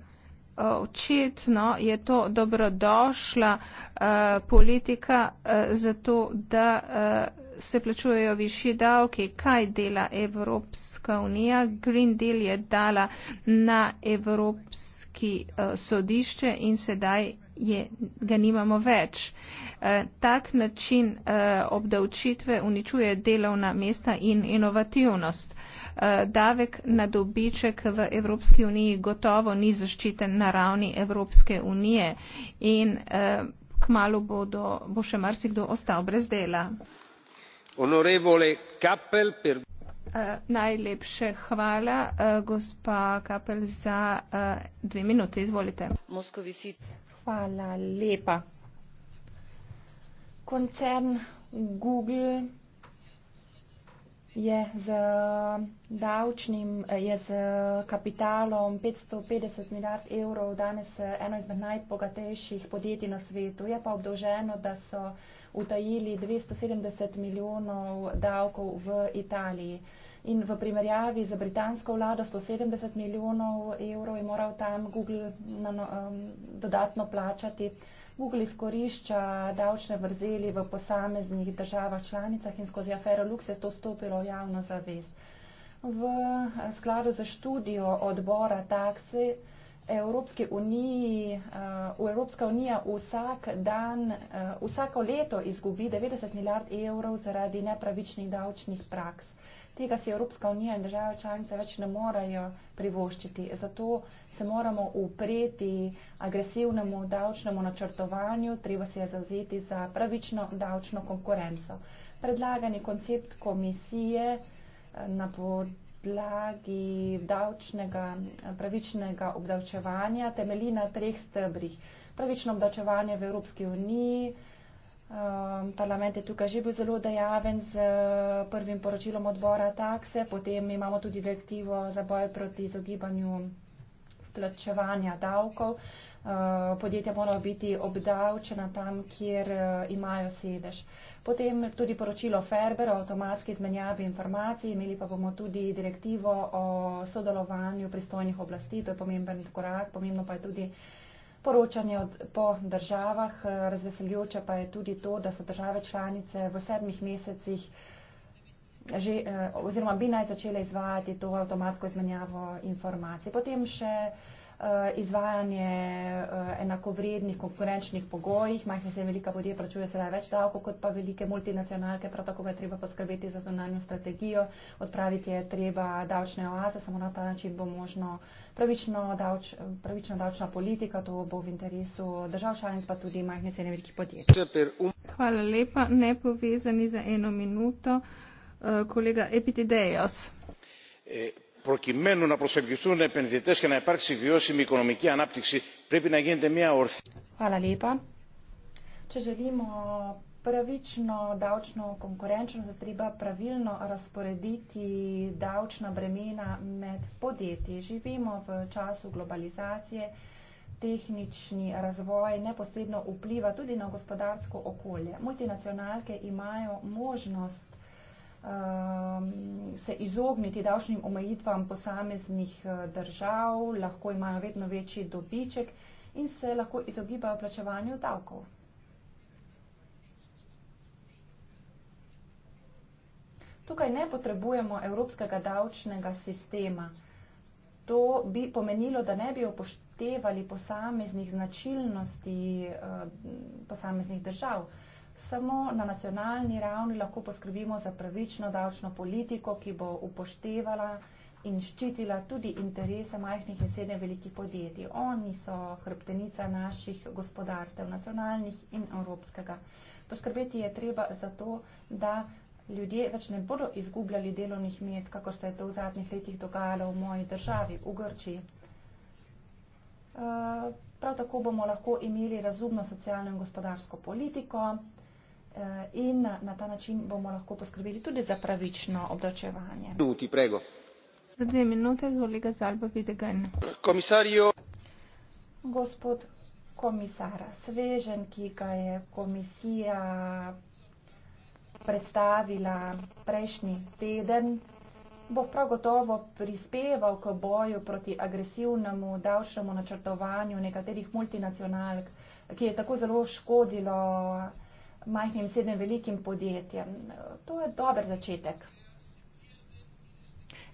očitno je to dobrodošla eh, politika eh, za to, da eh, se plačujejo višji davki. Kaj dela Evropska unija? Green Deal je dala na Evropski sodišče in sedaj je, ga nimamo več. Tak način obdavčitve uničuje delovna mesta in inovativnost. Eh, davek na dobiček v Evropski uniji gotovo ni zaščiten na ravni Evropske unije in eh, kmalo bo, do, bo še marsikdo ostal brez dela. Eh, najlepše hvala, gospa Kapel, za dve minute. Izvolite. Hvala lepa. Koncern Google je z eh, davčnim, eh, je z eh, kapitalom 550 milijard evrov danes eno izmed najbogatejših podjetij na svetu. Je pa obdolženo, da so utajili 270 milijonov davkov v Italiji. In v primerjavi z britansko vlado 170 milijonov evrov je moral tam Google na, um, dodatno plačati. Uh, Google izkorišča davčne vrzeli v posameznih državah članicah in skozi afero Lux je to stopilo v javno zavest. V eh, skladu za študijo odbora takse Evropske uniji, uh, Evropska unija vsak dan, uh, vsako leto izgubi 90 milijard evrov zaradi nepravičnih davčnih praks. Uh, Tega si Evropska unija in države članice več ne morejo privoščiti. Zato se moramo upreti agresivnemu davčnemu načrtovanju, treba se je zauzeti za pravično davčno konkurenco. Predlagani koncept komisije eh, na podlagi davčnega eh, pravičnega obdavčevanja temelji na treh stebrih. Pravično obdavčevanje v Evropski uniji, Um, parlament je tukaj že bil zelo dejaven z eh, prvim poročilom odbora takse, potem imamo tudi direktivo za boj proti izogibanju plačevanja davkov. Eh, podjetja morajo biti obdavčena tam, kjer eh, imajo sedež. Potem tudi poročilo Ferber o avtomatski izmenjavi informacij, imeli pa bomo tudi direktivo o sodelovanju pristojnih oblasti, to je pomemben korak, pomembno pa je tudi Poročanje od, po državah eh, razveseljujoče pa je tudi to, da so države članice v sedmih mesecih že, eh, oziroma bi naj začele izvajati to avtomatsko izmenjavo informacij. Potem še eh, izvajanje enakovrednih konkurenčnih pogojih. Majhne se velika podjetja plačuje sedaj več davkov kot pa velike multinacionalke, prav tako je treba poskrbeti za zonalno strategijo, odpraviti je treba davčne oaze, samo na ta način bo možno uh, pravično, davč, pravično davčna politika, to bo v interesu držav članic, pa tudi majhne srednje velikih podjetij. Hvala lepa. Nepovezani za eno minuto, eh, kolega Epitidejos. Eh, Hvala lepa. Če želimo pravično davčno konkurenčno, da treba pravilno razporediti davčna bremena med podjetji. Živimo v času globalizacije, tehnični razvoj neposredno vpliva tudi na gospodarsko okolje. Multinacionalke imajo možnost um, se izogniti davčnim omejitvam posameznih eh, držav, lahko imajo vedno večji dobiček in se lahko izogibajo plačevanju davkov. Tukaj ne potrebujemo evropskega davčnega sistema. To bi pomenilo, da ne bi upoštevali posameznih značilnosti eh, posameznih držav. Samo na nacionalni ravni lahko poskrbimo za pravično davčno politiko, ki bo upoštevala in ščitila tudi interese majhnih in srednje velikih podjetij. Oni so hrbtenica naših gospodarstev, nacionalnih in evropskega. Poskrbeti je treba za to, da ljudje več ne bodo izgubljali delovnih mest, kako se je to v zadnjih letih dogajalo v moji državi, v Grčiji. Eh, prav tako bomo lahko imeli razumno socialno in gospodarsko politiko eh, in na ta način bomo lahko poskrbeli tudi za pravično obdavčevanje. Za dve minute, kolega Zalba Videgan. Komisarjo. Gospod komisar, svežen, ki ga je komisija predstavila prejšnji teden, bo prav gotovo prispeval k boju proti agresivnemu davčnemu načrtovanju nekaterih multinacionalk, ki je tako zelo škodilo majhnim srednjim velikim podjetjem. To je dober začetek.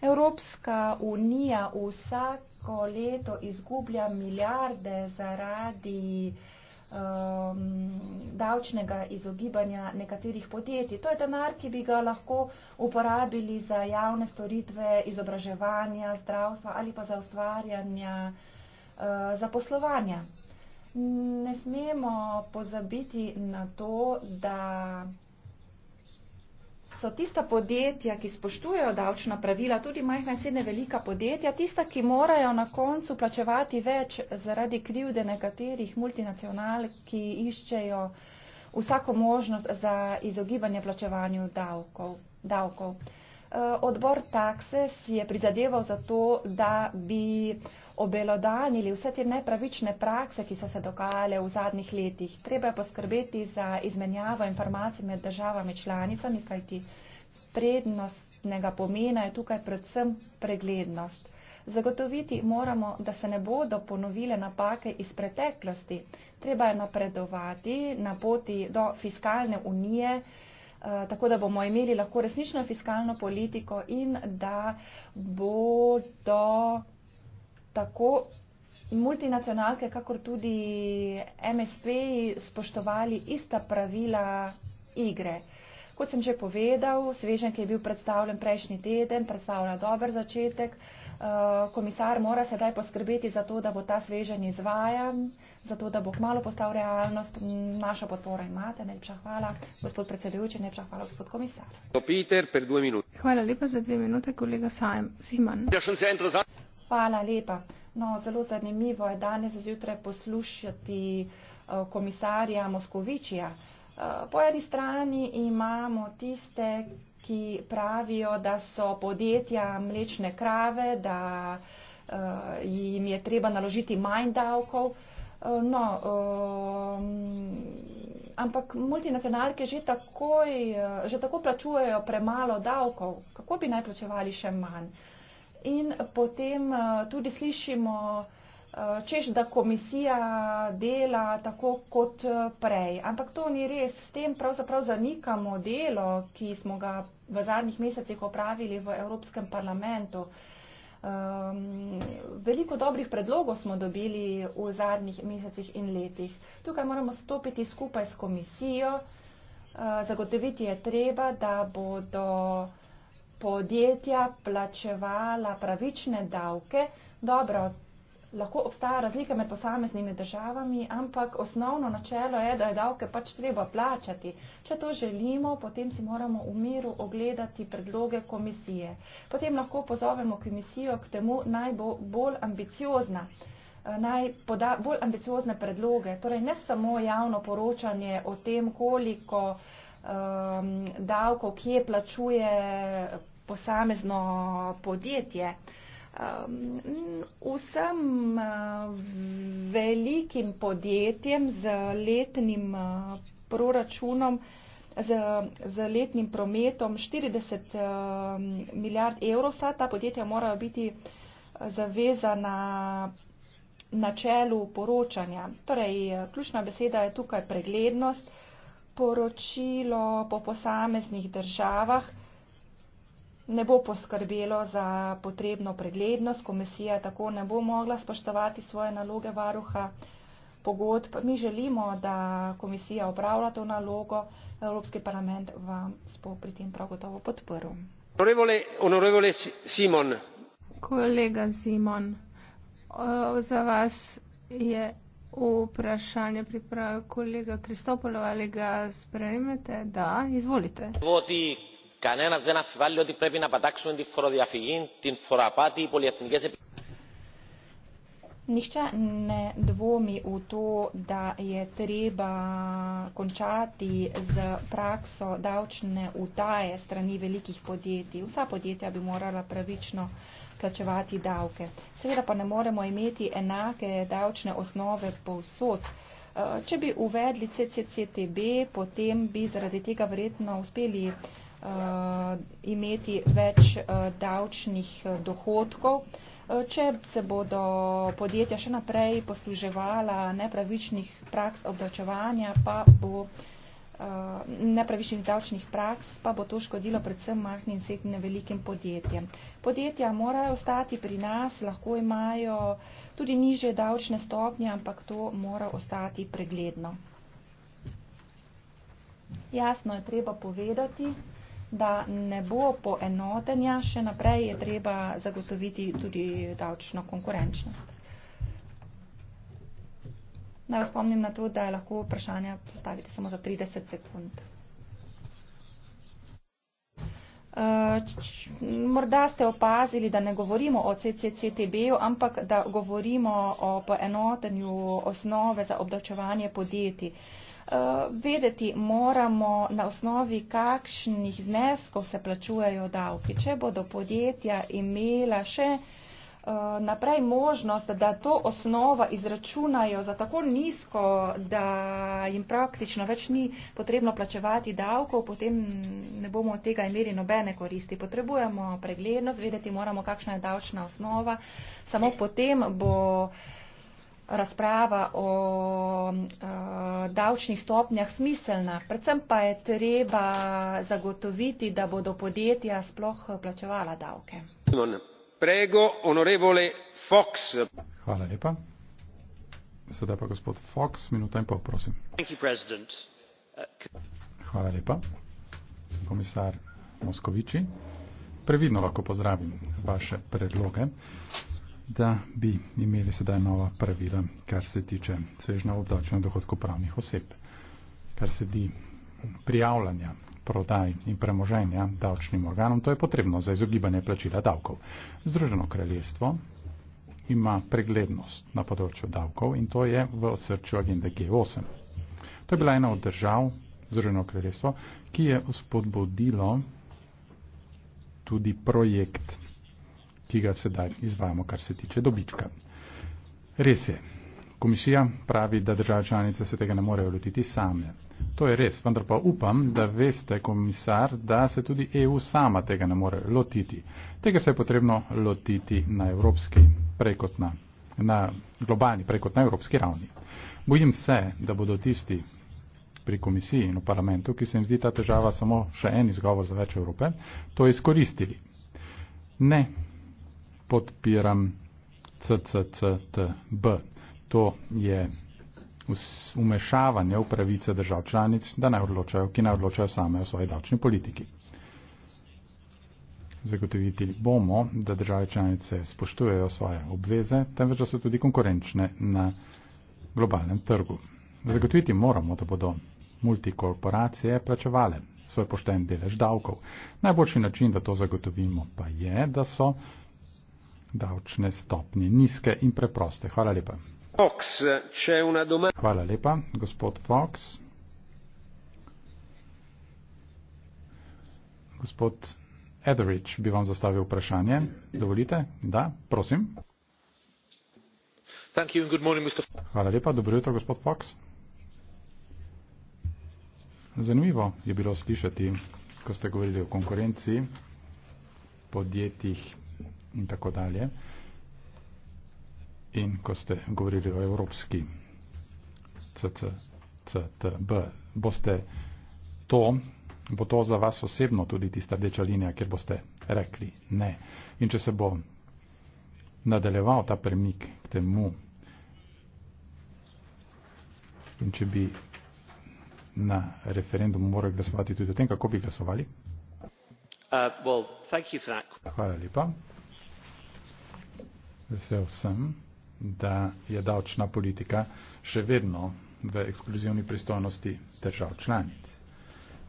Evropska unija vsako leto izgublja milijarde zaradi uh, um, davčnega izogibanja nekaterih podjetij. To je denar, ki bi ga lahko uporabili za javne storitve, izobraževanja, zdravstva ali pa za ustvarjanje uh, zaposlovanja. Ne smemo pozabiti na to, da so tista podjetja, ki spoštujejo davčna pravila, tudi majhna in srednja velika podjetja, tista, ki morajo na koncu plačevati več zaradi krivde nekaterih multinacional, ki iščejo vsako možnost za izogibanje plačevanju davkov. davkov. Eh, odbor takse si je prizadeval za to, da bi obelodanili vse te nepravične prakse, ki so se dogajale v zadnjih letih. Treba je poskrbeti za izmenjavo informacij med državami članicami, kajti prednostnega pomena je tukaj predvsem preglednost. Zagotoviti moramo, da se ne bodo ponovile napake iz preteklosti. Treba je napredovati na poti do fiskalne unije, eh, tako da bomo imeli lahko resnično fiskalno politiko in da bodo tako multinacionalke, kakor tudi MSP spoštovali ista pravila igre. Kot sem že povedal, svežen, ki je bil predstavljen prejšnji teden, predstavlja dober začetek. Eh, komisar mora sedaj poskrbeti za to, da bo ta svežen izvajan, za to, da bo kmalo postal realnost. Našo podporo imate. Najlepša hvala, gospod predsedujoči, najlepša hvala, gospod komisar. Hvala lepa za dve minute, kolega Sajem Siman. Hvala lepa. No, zelo zanimivo je danes zjutraj poslušati eh, komisarja Moskovičija. Eh, po eni strani imamo tiste, ki pravijo, da so podjetja mlečne krave, da eh, jim je treba naložiti manj davkov. No, um, ampak multinacionalke že, takoj, že tako plačujejo premalo davkov. Kako bi naj plačevali še manj? Uh, in potem eh, tudi slišimo, eh, češ, da komisija dela tako kot eh, prej. Ampak to ni res. S tem pravzaprav zanikamo delo, ki smo ga v zadnjih mesecih opravili v Evropskem parlamentu. Um, veliko dobrih predlogov smo dobili v zadnjih mesecih in letih. Tukaj moramo stopiti skupaj s komisijo. Uh, zagotoviti je treba, da bodo uh, podjetja plačevala pravične davke. Dobro, lahko obstaja razlika med posameznimi državami, ampak osnovno načelo je, da je davke pač treba plačati. Če to želimo, potem si moramo v miru ogledati predloge komisije. Potem lahko pozovemo komisijo k temu najbolj ambiciozna eh, naj poda bolj ambiciozne predloge, torej ne samo javno poročanje o tem, koliko uh, um, davkov, ki je plačuje posamezno podjetje. Um, vsem uh, velikim podjetjem z letnim uh, proračunom, z, z letnim prometom 40 um, milijard evrov, vsa ta podjetja morajo biti uh, zavezana načelu poročanja. Torej, ključna beseda je tukaj preglednost poročilo po posameznih državah ne bo poskrbelo za potrebno preglednost, komisija tako ne bo mogla spoštovati svoje naloge varuha pogodb. Mi želimo, da komisija upravlja to nalogo, Evropski parlament vam bo pri tem prav gotovo podprl. Honorevole, honorevole Simon. Kolega Simon, za vas je Vprašanje pripravlja kolega Kristopolo, ali ga sprejmete? Da, izvolite. Voti. Nihče ne dvomi v to, da je treba končati z prakso davčne utaje strani velikih podjetij. Vsa podjetja bi morala pravično uh, plačevati davke. Seveda pa ne moremo imeti enake davčne osnove povsod. Eh, če bi uvedli CCCTB, potem bi zaradi tega verjetno uspeli eh, imeti več eh, davčnih dohodkov. Če se bodo podjetja še naprej posluževala nepravičnih praks obdavčevanja, pa bo. Eh, nepravičnih davčnih praks, pa bo to škodilo predvsem mahnim srednjim velikim podjetjem. Podjetja morajo ostati pri nas, lahko imajo tudi niže davčne stopnje, ampak to mora ostati pregledno. Jasno je treba povedati, da ne bo poenotenja, še naprej je treba zagotoviti tudi davčno konkurenčnost. Naj vas spomnim na to, da lahko vprašanja postavite samo za 30 sekund. Eh, morda ste opazili, da ne govorimo o CCCTB-ju, ampak da govorimo o poenotenju osnove za obdavčevanje podjetij. Eh, vedeti moramo na osnovi, kakšnih zneskov se plačujejo davki. Če bodo podjetja imela še Eh, naprej možnost, da to osnova izračunajo za tako nizko, da jim praktično več ni potrebno plačevati davkov, potem ne bomo od tega imeli nobene koristi. Potrebujemo preglednost, vedeti moramo, kakšna je davčna osnova. Samo potem bo razprava o uh, davčnih stopnjah smiselna. Predvsem pa je treba zagotoviti, da bodo podjetja sploh plačevala davke. Simone. Uh, komisar moscovici previdno lahko pozdravim vaše predloge da bi imeli sedaj nova pravila kar se tiče svežnja obdavčenja dohodkov pravnih oseb kar se di prijavljanja prodaj in premoženja davčnim organom. To je potrebno za izogibanje plačila davkov. Združeno kraljestvo ima preglednost na področju davkov in to je v srču agende G8. To je bila ena od držav, Združeno kraljestvo, ki je uspodbudilo tudi projekt, ki ga sedaj izvajamo, kar se tiče dobička. Res je. Komisija pravi, da države članice se tega ne morejo lotiti same. To je res, vendar pa upam, da veste, komisar, da se tudi EU sama tega ne more lotiti. Tega se je potrebno lotiti na evropski, prej kot na, na globalni, prej kot na evropski ravni. Bojim se, da bodo tisti pri komisiji in v parlamentu, ki se jim zdi ta težava samo še en izgovor za več Evrope, to izkoristili. Ne podpiram CCCTB. To je umešavanje v pravice držav članic, da naj odločajo, ki naj odločajo same o svoji davčni politiki. Zagotoviti bomo, da države članice spoštujejo svoje obveze, temveč da so tudi konkurenčne na globalnem trgu. Zagotoviti moramo, da bodo multikorporacije plačevale svoj pošten delež davkov. Najboljši način, da to zagotovimo, pa je, da so davčne stopnje nizke in preproste. Hvala lepa. Fox, c'è una domanda. Hvala lepa, gospod Fox. Gospod Etheridge bi vam zastavil vprašanje. Dovolite? Da, prosim. Thank you and good morning, Mr. Hvala lepa, dobro jutro, gospod Fox. Zanimivo je bilo slišati, ko ste govorili o konkurenci, podjetjih in tako dalje in ko ste govorili o evropski CCTB, boste to, bo to za vas osebno tudi tista rdeča linija, kjer boste rekli ne. In če se bo nadaljeval ta premik k temu, in če bi na referendumu morali glasovati tudi o tem, kako bi glasovali. Uh, well, Hvala lepa. Vesel sem da je davčna politika še vedno v ekskluzivni pristojnosti držav članic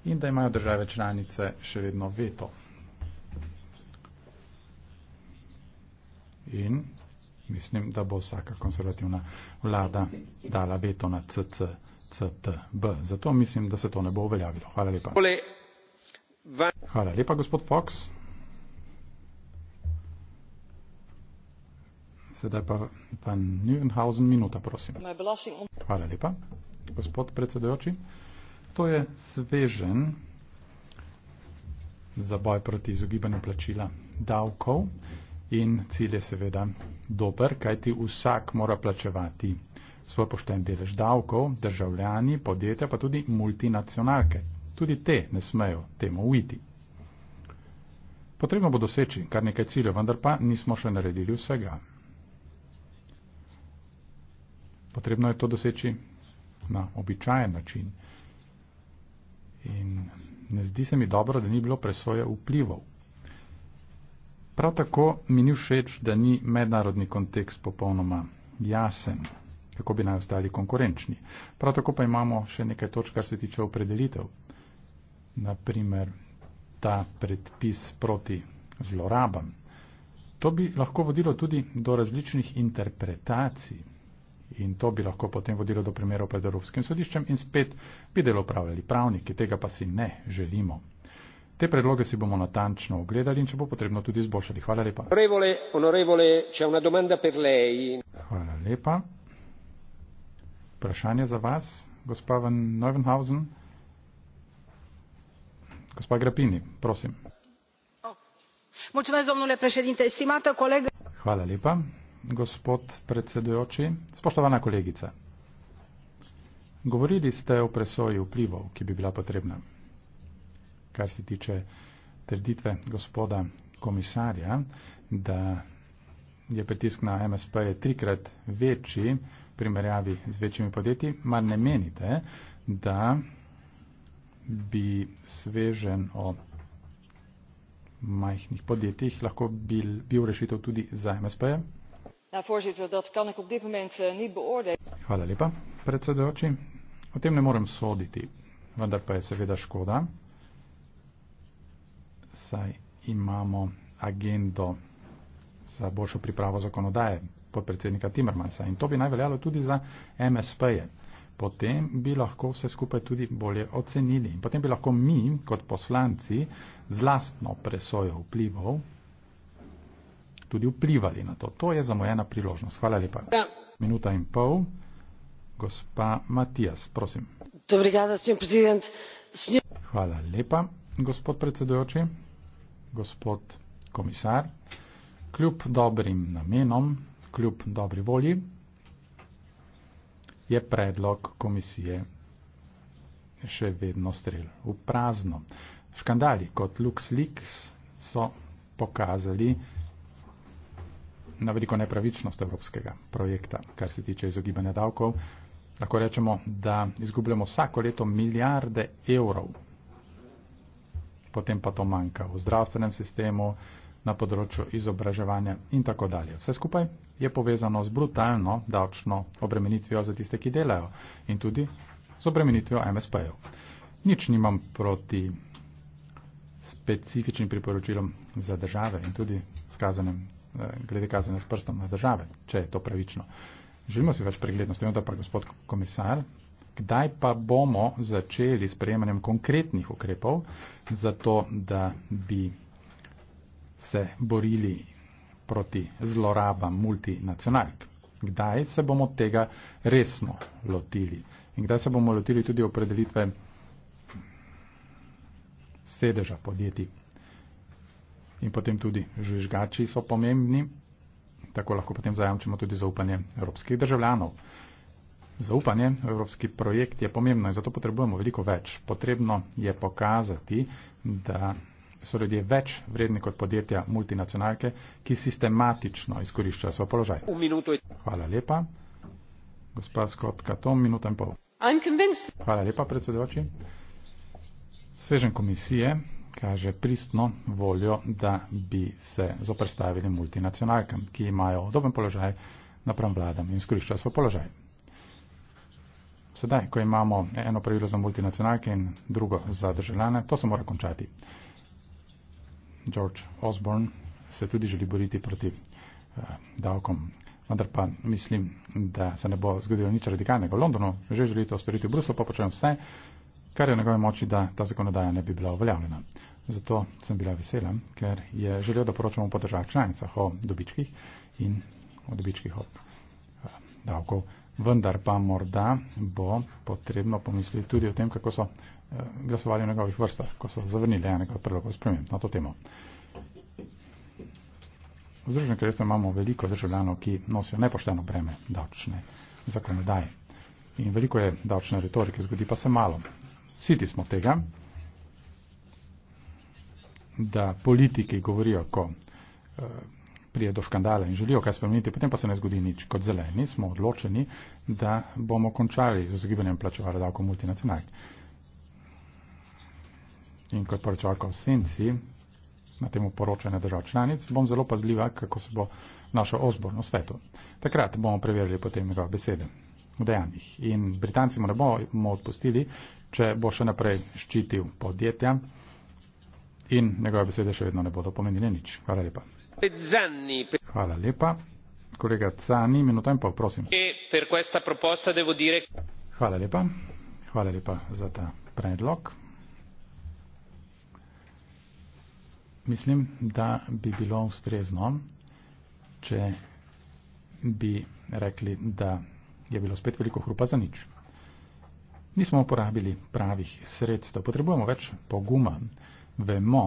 in da imajo države članice še vedno veto. In mislim, da bo vsaka konservativna vlada dala veto na CCCTB. Zato mislim, da se to ne bo uveljavilo. Hvala lepa. Hvala lepa, gospod Fox. Sedaj pa van Nürnhausen, minuta, prosim. Um- Hvala lepa, gospod predsedojoči. To je svežen za boj proti izogibanju plačila davkov in cilj je seveda dober, kajti vsak mora plačevati svoj pošten delež davkov, državljani, podjetja, pa tudi multinacionalke. Tudi te ne smejo temu uiti. Potrebno bo doseči kar nekaj ciljev, vendar pa nismo še naredili vsega. Potrebno je to doseči na običajen način. In ne zdi se mi dobro, da ni bilo presoje vplivov. Prav tako mi ni všeč, da ni mednarodni kontekst popolnoma jasen, kako bi naj ostali konkurenčni. Prav tako pa imamo še nekaj točk, kar se tiče opredelitev. Naprimer, ta predpis proti zlorabam. To bi lahko vodilo tudi do različnih interpretacij In to bi lahko potem vodilo do primerov pred Evropskim sodiščem in spet bi delo upravljali pravniki, tega pa si ne želimo. Te predloge si bomo natančno ogledali in če bo potrebno tudi izboljšali. Hvala lepa. Onorevole, onorevole, c'è una domanda per lei. Hvala lepa. Vprašanje za vas, gospa Van Neuvenhausen. Gospa Grapini, prosim. Oh. Mulțumesc, domnule președinte, stimată colegă. Hvala lepa gospod predsedujoči, spoštovana kolegica. Govorili ste o presoji vplivov, ki bi bila potrebna. Kar se tiče trditve gospoda komisarja, da je pritisk na MSP je trikrat večji v primerjavi z večjimi podjetji, mar ne menite, da bi svežen o majhnih podjetjih lahko bil, bil rešitev tudi za MSP-je, Voorzitter, dat kan ik op dit moment eh, niet beoordelen. Hvala lepa, predsedujoči. O tem ne morem soditi, vendar pa je seveda škoda. Saj imamo agendo za boljšo pripravo zakonodaje podpredsednika Timmermansa in to bi najveljalo tudi za MSP-je. Potem bi lahko vse skupaj tudi bolje ocenili. Potem bi lahko mi, kot poslanci, z lastno presojo vplivov tudi vplivali na to. To je zamojena priložnost. Hvala lepa. Ja. Minuta in pol. Gospa Matijas, prosim. Dobrigada, snjo... Hvala lepa, gospod predsedujoči, gospod komisar. Kljub dobrim namenom, kljub dobri volji, je predlog komisije še vedno strel v prazno. Škandali kot LuxLeaks so pokazali, na veliko nepravičnost evropskega projekta, kar se tiče izogibanja davkov. Lahko rečemo, da izgubljamo vsako leto milijarde evrov, potem pa to manjka v zdravstvenem sistemu, na področju izobraževanja in tako dalje. Vse skupaj je povezano z brutalno davčno obremenitvijo za tiste, ki delajo in tudi z obremenitvijo MSP-jev. Nič nimam proti specifičnim priporočilom za države in tudi skazanem Eh, glede kazanja s prstom na države, če je to pravično. Želimo si več preglednosti, vendar pa gospod komisar, kdaj pa bomo začeli s prejemanjem konkretnih ukrepov za to, da bi se borili proti zlorabam multinacionalk? Kdaj se bomo tega resno lotili? In kdaj se bomo lotili tudi opredelitve sedeža podjetij? in potem tudi žvižgači so pomembni. Tako lahko potem zajamčimo tudi zaupanje evropskih državljanov. Zaupanje v evropski projekt je pomembno in zato potrebujemo veliko več. Potrebno je pokazati, da so ljudje več vredni kot podjetja multinacionalke, ki sistematično izkoriščajo svoj položaj. Hvala lepa. Gospa Skotka, to minuta in pol. Hvala lepa, predsedujoči. Svežen komisije kaže pristno voljo, da bi se zoprstavili multinacionalkam, ki imajo odoben položaj napram vladam in skoriščajo svoj položaj. Sedaj, ko imamo eno pravilo za multinacionalke in drugo za državljane, to se mora končati. George Osborne se tudi želi boriti proti uh, davkom, vendar pa mislim, da se ne bo zgodilo nič radikalnega. V Londonu že želite ostvariti v Bruslu, pa počnejo vse, uh, kar je v njegovi moči, da ta zakonodaja ne bi bila uveljavljena. Zato sem bila vesela, ker je želel, da poročamo po državah članicah o dobičkih in o dobičkih od eh, davkov. Vendar pa morda bo potrebno pomisliti tudi o tem, kako so eh, glasovali v njegovih vrstah, ko so zavrnili enega od predlogov sprememb na to temo. V Združenem kraljestvu imamo veliko državljanov, ki nosijo nepošteno breme davčne zakonodaje. In veliko je davčne retorike, zgodi pa se malo. Siti smo tega, da politiki govorijo, ko eh, prije do škandala in želijo kaj spremeniti, potem pa se ne zgodi nič. Kot zeleni smo odločeni, da bomo končali z ozgibanjem plačevala davko multinacional. In kot poročevalka v senci, na temu poročanju držav članic, bom zelo pazljiva, kako se bo našo ozborno svetu. Takrat bomo preverili potem njegove besede v dejanjih. In Britanci mu ne bomo odpustili, če bo še naprej ščitil podjetja in njegove besede še vedno ne bodo pomenile nič. Hvala lepa. Hvala lepa. Kolega Cani, minuta in pol, prosim. E, Hvala lepa. Hvala lepa za ta predlog. Mislim, da bi bilo ustrezno, če bi rekli, da je bilo spet veliko hrupa za nič nismo uporabili pravih sredstev. Potrebujemo več poguma. Vemo,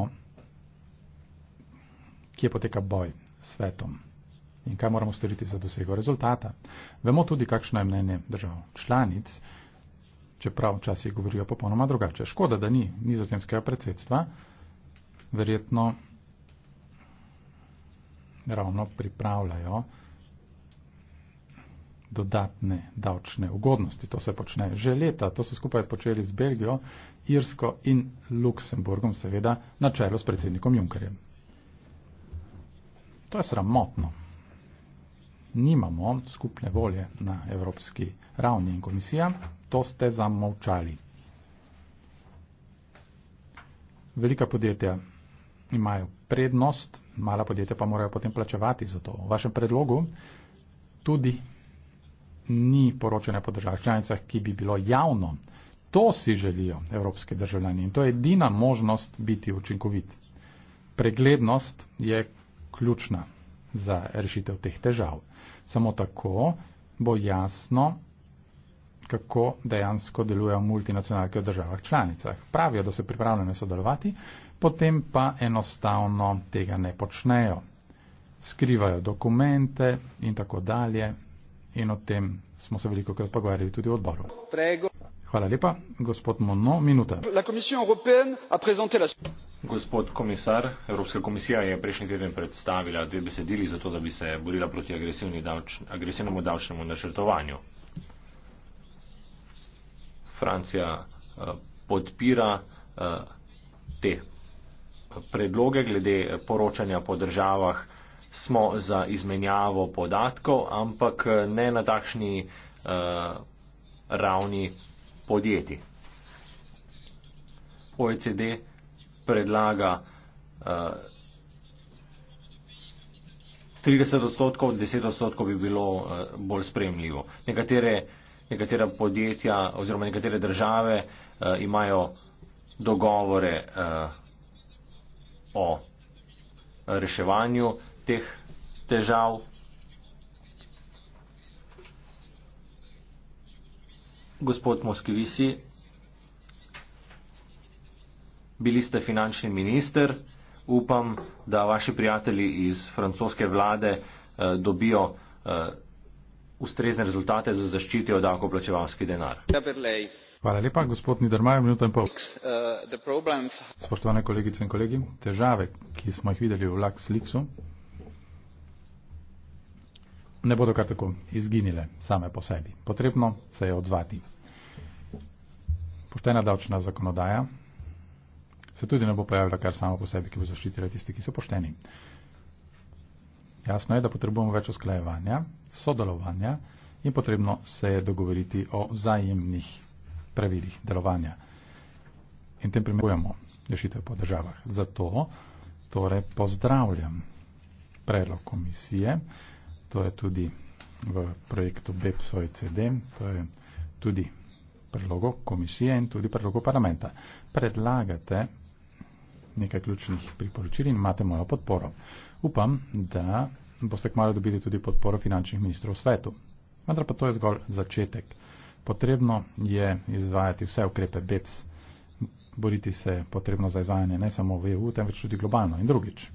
kje poteka boj s svetom in kaj moramo storiti za dosego rezultata. Vemo tudi, kakšno je mnenje držav članic, čeprav včasih govorijo popolnoma drugače. Škoda, da ni nizozemskega predsedstva, verjetno ravno pripravljajo dodatne davčne ugodnosti. To se počne že leta, to so skupaj počeli z Belgijo, Irsko in Luksemburgom, seveda na čelu s predsednikom Junkerjem. To je sramotno. Nimamo skupne volje na evropski ravni in komisija, to ste zamovčali. Velika podjetja imajo prednost, mala podjetja pa morajo potem plačevati za to. V vašem predlogu tudi ni poročanja po državah članicah, ki bi bilo javno. To si želijo evropski državljani in to je edina možnost biti učinkovit. Preglednost je ključna za rešitev teh težav. Samo tako bo jasno, kako dejansko delujejo multinacionalke v državah članicah. Pravijo, da so pripravljene sodelovati, potem pa enostavno tega ne počnejo. Skrivajo dokumente in tako dalje, in o tem smo se veliko krat pogovarjali tudi v odboru. Hvala lepa. Gospod Mono, minuta. Gospod komisar, Evropska komisija je prejšnji teden predstavila dve besedili za to, da bi se borila proti davč, agresivnemu davčnemu načrtovanju. Francija eh, podpira eh, te eh, predloge glede poročanja po državah smo za izmenjavo podatkov, ampak ne na takšni eh, ravni podjetij. OECD predlaga eh, 30 odstotkov, 10 odstotkov bi bilo eh, bolj spremljivo. Nekatere, nekatera podjetja oziroma nekatere države eh, imajo dogovore eh, o reševanju teh težav. Gospod Moskvisi, bili ste finančni minister, upam, da vaši prijatelji iz francoske vlade eh, dobijo eh, ustrezne rezultate za zaščitijo davkoplačevalski denar. Hvala lepa, gospod Nidermajer, minuto in pol. Eh, Spoštovane kolegice in kolegi, težave, ki smo jih videli v Lux Lixu, ne bodo kar tako izginile same po sebi. Potrebno se je odzvati. Poštena davčna zakonodaja se tudi ne bo pojavila kar samo po sebi, ki bo zaščitila tiste, ki so pošteni. Jasno je, da potrebujemo več usklajevanja, sodelovanja in potrebno se je dogovoriti o zajemnih pravilih delovanja. In tem primerujemo rešitve po državah. Zato torej pozdravljam predlog komisije, to je tudi v projektu BEPSOJ CD, to je tudi predlogo komisije in tudi predlogo parlamenta. Predlagate nekaj ključnih priporočil in imate mojo podporo. Upam, da boste kmalo dobili tudi podporo finančnih ministrov v svetu. Vendar pa to je zgolj začetek. Potrebno je izvajati vse ukrepe BEPS. Boriti se je potrebno za izvajanje ne samo v EU, temveč tudi globalno. In drugič,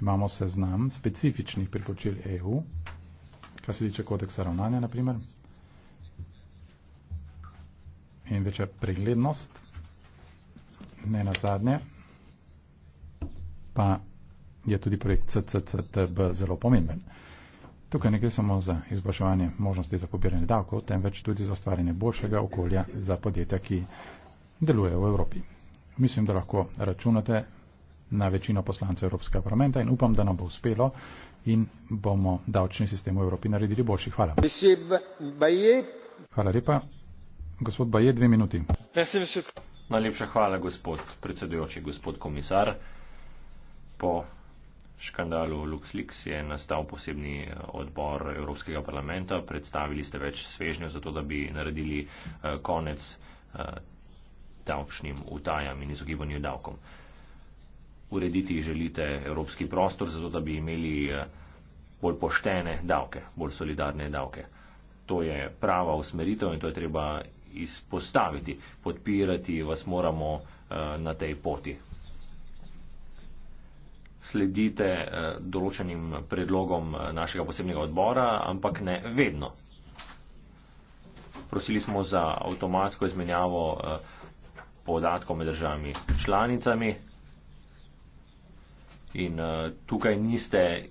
imamo seznam specifičnih priporočil EU, kar se tiče kodeksa ravnanja, naprimer. In večja preglednost, ne na zadnje, pa je tudi projekt CCCTB zelo pomemben. Tukaj ne gre samo za izboljševanje možnosti za pobiranje davkov, temveč tudi za ustvarjanje boljšega okolja za podjetja, ki delujejo v Evropi. Mislim, da lahko računate na večino poslancev Evropskega parlamenta in upam, da nam bo uspelo in bomo davčni sistem v Evropi naredili boljši. Hvala. Hvala lepa. Gospod Baje, dve minuti. Najlepša hvala, gospod predsedujoči, gospod komisar. Po škandalu LuxLeaks je nastal posebni odbor Evropskega parlamenta. Predstavili ste več svežnjo za to, da bi naredili eh, konec eh, davčnim utajam in izogibanju davkom urediti želite evropski prostor, zato da bi imeli eh, bolj poštene davke, bolj solidarne davke. To je prava usmeritev in to je treba izpostaviti. Podpirati vas moramo eh, na tej poti. Sledite eh, določenim predlogom našega posebnega odbora, ampak ne vedno. Prosili smo za avtomatsko izmenjavo podatkov med državami članicami. In uh, tukaj niste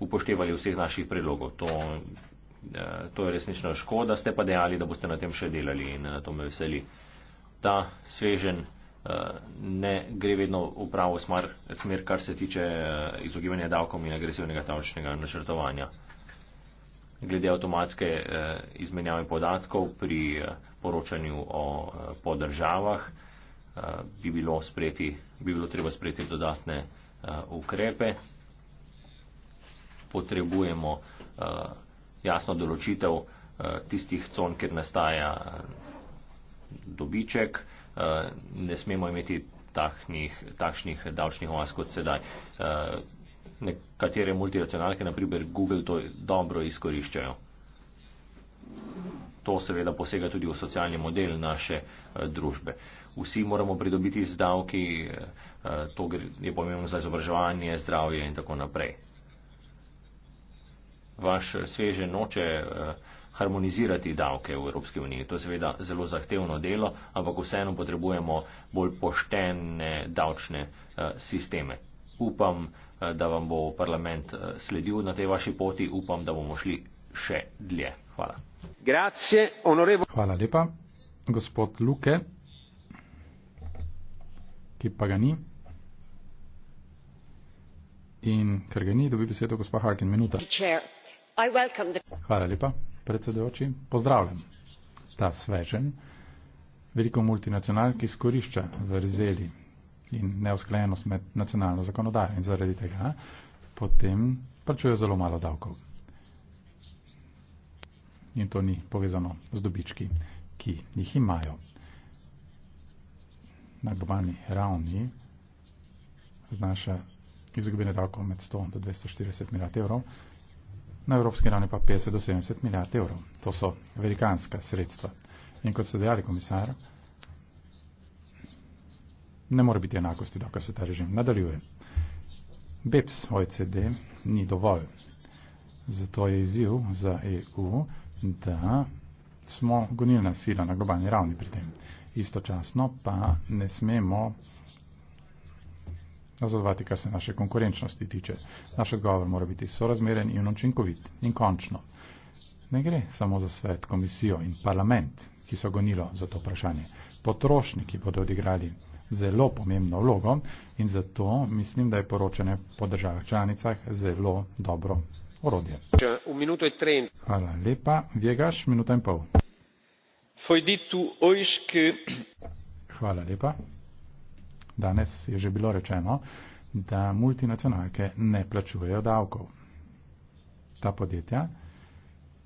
upoštevali vseh naših predlogov. To, uh, to je resnično škoda, ste pa dejali, da boste na tem še delali in uh, to me veseli. Ta svežen uh, ne gre vedno v pravo smer, smer kar se tiče uh, izogibanja davkom in agresivnega davčnega načrtovanja. Glede avtomatske uh, izmenjave podatkov pri uh, poročanju o uh, podržavah. Uh, Eh, bi bilo, sprejeti, bi bilo treba sprejeti dodatne eh, ukrepe. Potrebujemo eh, jasno določitev tistih con, kjer nastaja dobiček. Ne smemo imeti takšnih, takšnih davčnih oas kot sedaj. Nekatere multinacionalke, naprimer Google, to dobro izkoriščajo. To seveda posega tudi v socialni model naše družbe vsi moramo pridobiti z davki, eh, eh, to je pomembno za izobraževanje, zdravje in tako naprej. Vaš sveže noče eh, harmonizirati davke v Evropski uniji. To je seveda zelo zahtevno delo, ampak vseeno potrebujemo bolj poštene davčne sisteme. Upam, da vam bo parlament sledil na tej vaši poti, upam, da bomo šli še dlje. Hvala. Grazie, onorevo... Hvala lepa. Gospod Luke, ki pa ga ni. In ker ga ni, dobi besedo gospod Harkin, minuta. Hvala lepa, predsedujoči. Pozdravljam ta svežen, veliko multinacional, ki skorišča vrzeli in neusklajenost med nacionalno zakonodajo in zaradi tega potem plačuje zelo malo davkov. In to ni povezano z dobički, ki jih imajo nagmani ravni znaša izgubljene davko med 100 do 240 milijard evrov, na evropski ravni pa 50 do 70 milijard evrov. To so velikanska sredstva. In kot ste dejali, komisar, ne more biti enakosti, dokaj se ta režim nadaljuje. BEPS OECD ni dovolj. Zato je izziv za EU, da smo gonilna sila na globalni ravni pri tem istočasno pa ne smemo nazadovati, kar se naše konkurenčnosti tiče. Naš odgovor mora biti sorazmeren in učinkovit. In končno, ne gre samo za svet, komisijo in parlament, ki so gonilo za to vprašanje. Potrošniki bodo odigrali zelo pomembno vlogo in zato mislim, da je poročanje po državah članicah zelo dobro orodje. E Hvala lepa, Vjegaš, minuta in pol. Foi dito hoje que... Hvala lepa. Danes je že bilo rečeno, da multinacionalke ne plačujejo davkov. Ta podjetja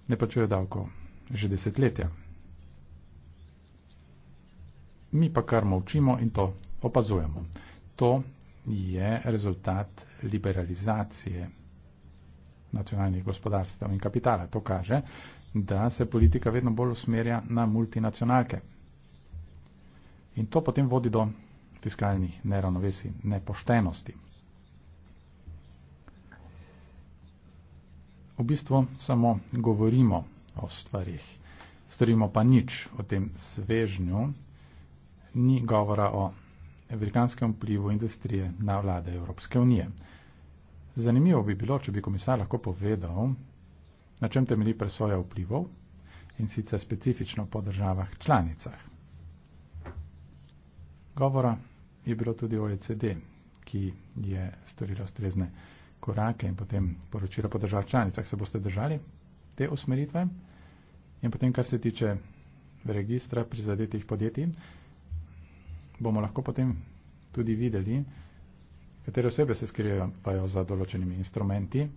ne plačujejo davkov že desetletja. Mi pa kar molčimo in to opazujemo. To je rezultat liberalizacije nacionalnih gospodarstv in kapitala. To kaže, da se politika vedno bolj usmerja na multinacionalke. In to potem vodi do fiskalnih neravnovesij, nepoštenosti. V bistvu samo govorimo o stvarih, storimo pa nič o tem svežnju, ni govora o amerikanskem vplivu industrije na vlade Evropske unije. Zanimivo bi bilo, če bi komisar lahko povedal, na čem temelji presoja vplivov in sicer specifično po državah članicah. Govora je bilo tudi OECD, ki je storilo strezne korake in potem poročilo po državah članicah. Se boste držali te usmeritve? In potem, kar se tiče registra prizadetih podjetij, bomo lahko potem tudi videli, katere osebe se skrivajo za določenimi instrumenti,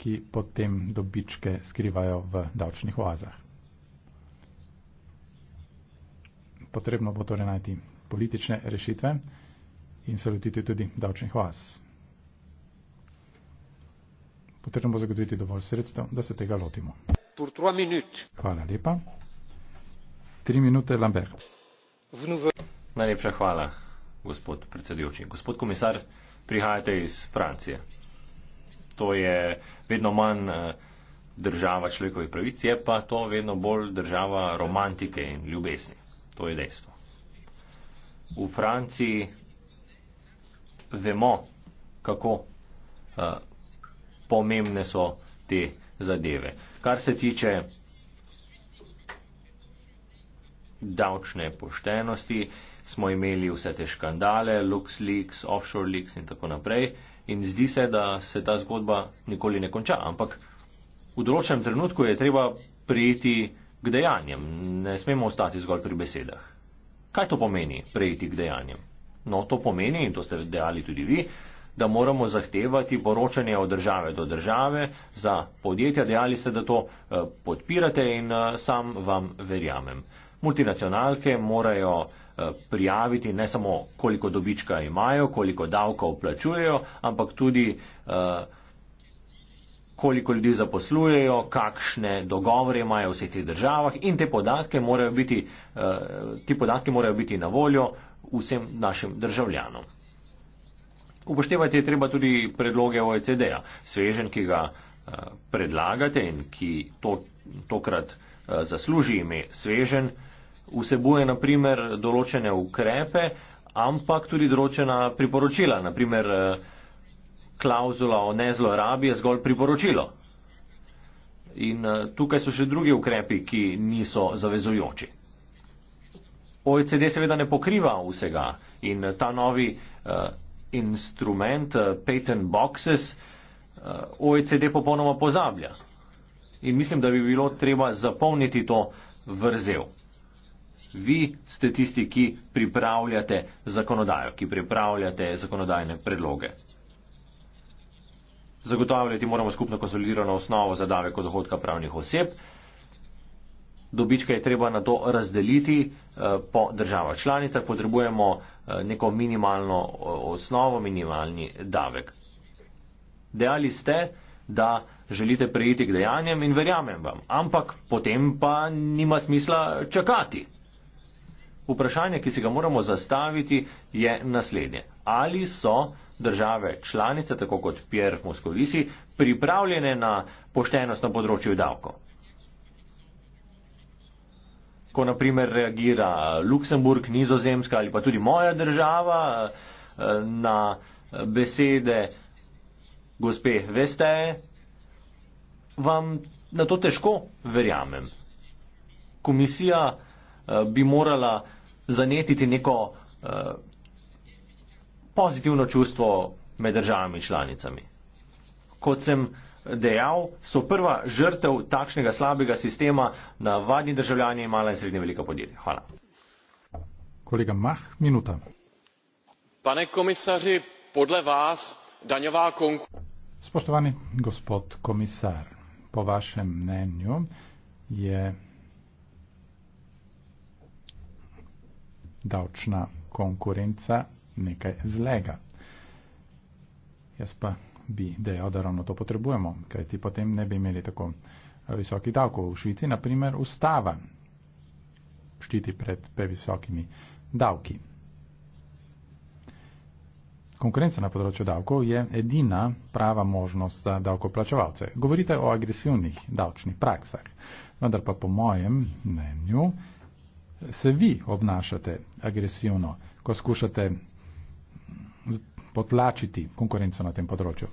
ki potem dobičke skrivajo v davčnih oazah. Potrebno bo torej najti politične rešitve in se lotiti tudi davčnih oaz. Potrebno bo zagotoviti dovolj sredstev, da se tega lotimo. Hvala lepa. Tri minute, Lambert. Najlepša hvala, gospod predsedujoči. Gospod komisar, prihajate iz Francije to je vedno manj eh, država človekovih pravic, je pa to vedno bolj država romantike in ljubezni. To je dejstvo. V Franciji vemo, kako uh, pomembne so te zadeve. Kar se tiče davčne poštenosti, smo imeli vse te škandale, LuxLeaks, Offshore Leaks in tako naprej. In zdi se, da se ta zgodba nikoli ne konča, ampak v določenem trenutku je treba prijeti k dejanjem. Ne smemo ostati zgolj pri besedah. Kaj to pomeni, prijeti k dejanjem? No, to pomeni, in to ste dejali tudi vi, da moramo zahtevati poročanje od države do države za podjetja. Dejali ste, da to eh, podpirate in eh, sam vam verjamem multinacionalke morajo eh, prijaviti ne samo, koliko dobička imajo, koliko davkov plačujejo, ampak tudi, eh, koliko ljudi zaposlujejo, kakšne dogovore imajo v vseh teh državah in te podatke morajo biti, eh, ti podatki morajo biti na voljo vsem našim državljanom. Upoštevati je treba tudi predloge OECD-a. Svežen, ki ga predlagate in ki to, tokrat zasluži ime Svežen, vsebuje naprimer določene ukrepe, ampak tudi določena priporočila, naprimer eh, klauzula o nezlorabi je zgolj priporočilo. In eh, tukaj so še drugi ukrepi, ki niso zavezujoči. OECD seveda ne pokriva vsega in eh, ta novi uh, instrument, uh, patent boxes, uh, OECD popolnoma pozablja. In mislim, da bi bilo treba zapolniti to vrzel vi ste tisti, ki pripravljate zakonodajo, ki pripravljate zakonodajne predloge. Zagotavljati moramo skupno konsolidirano osnovo za davek od dohodka pravnih oseb. Dobičke je treba na to razdeliti eh, po državah članicah, potrebujemo eh, neko minimalno osnovo, minimalni davek. Dejali ste, da želite prejiti k dejanjem in verjamem vam, ampak potem pa nima smisla čakati. Vprašanje, ki si ga moramo zastaviti, je naslednje. Ali so države članice, tako kot Pierre Moscovici, pripravljene na poštenost na področju davkov? Ko naprimer reagira Luksemburg, Nizozemska ali pa tudi moja država eh, na besede gospe Veste, vam na to težko verjamem. Komisija eh, bi morala zanetiti neko eh, pozitivno čustvo med državami članicami. Kot sem dejal, so prva žrtev takšnega slabega sistema navadni državljani in mala in srednja velika podjetja. Hvala. Kolega Mah, minuta. Pane komisarji, podle vas danjeva konkurenca. Spoštovani gospod komisar, po vašem mnenju je davčna konkurenca nekaj zlega. Jaz pa bi dejal, da ravno to potrebujemo, kaj ti potem ne bi imeli tako eh, visokih davkov. V Švici, na primer, ustava štiti pred previsokimi davki. Konkurenca na področju davkov je edina prava možnost za davkoplačevalce. Govorite o agresivnih davčnih praksah, vendar pa po mojem mnenju se vi obnašate agresivno, ko skušate potlačiti konkurenco na tem področju.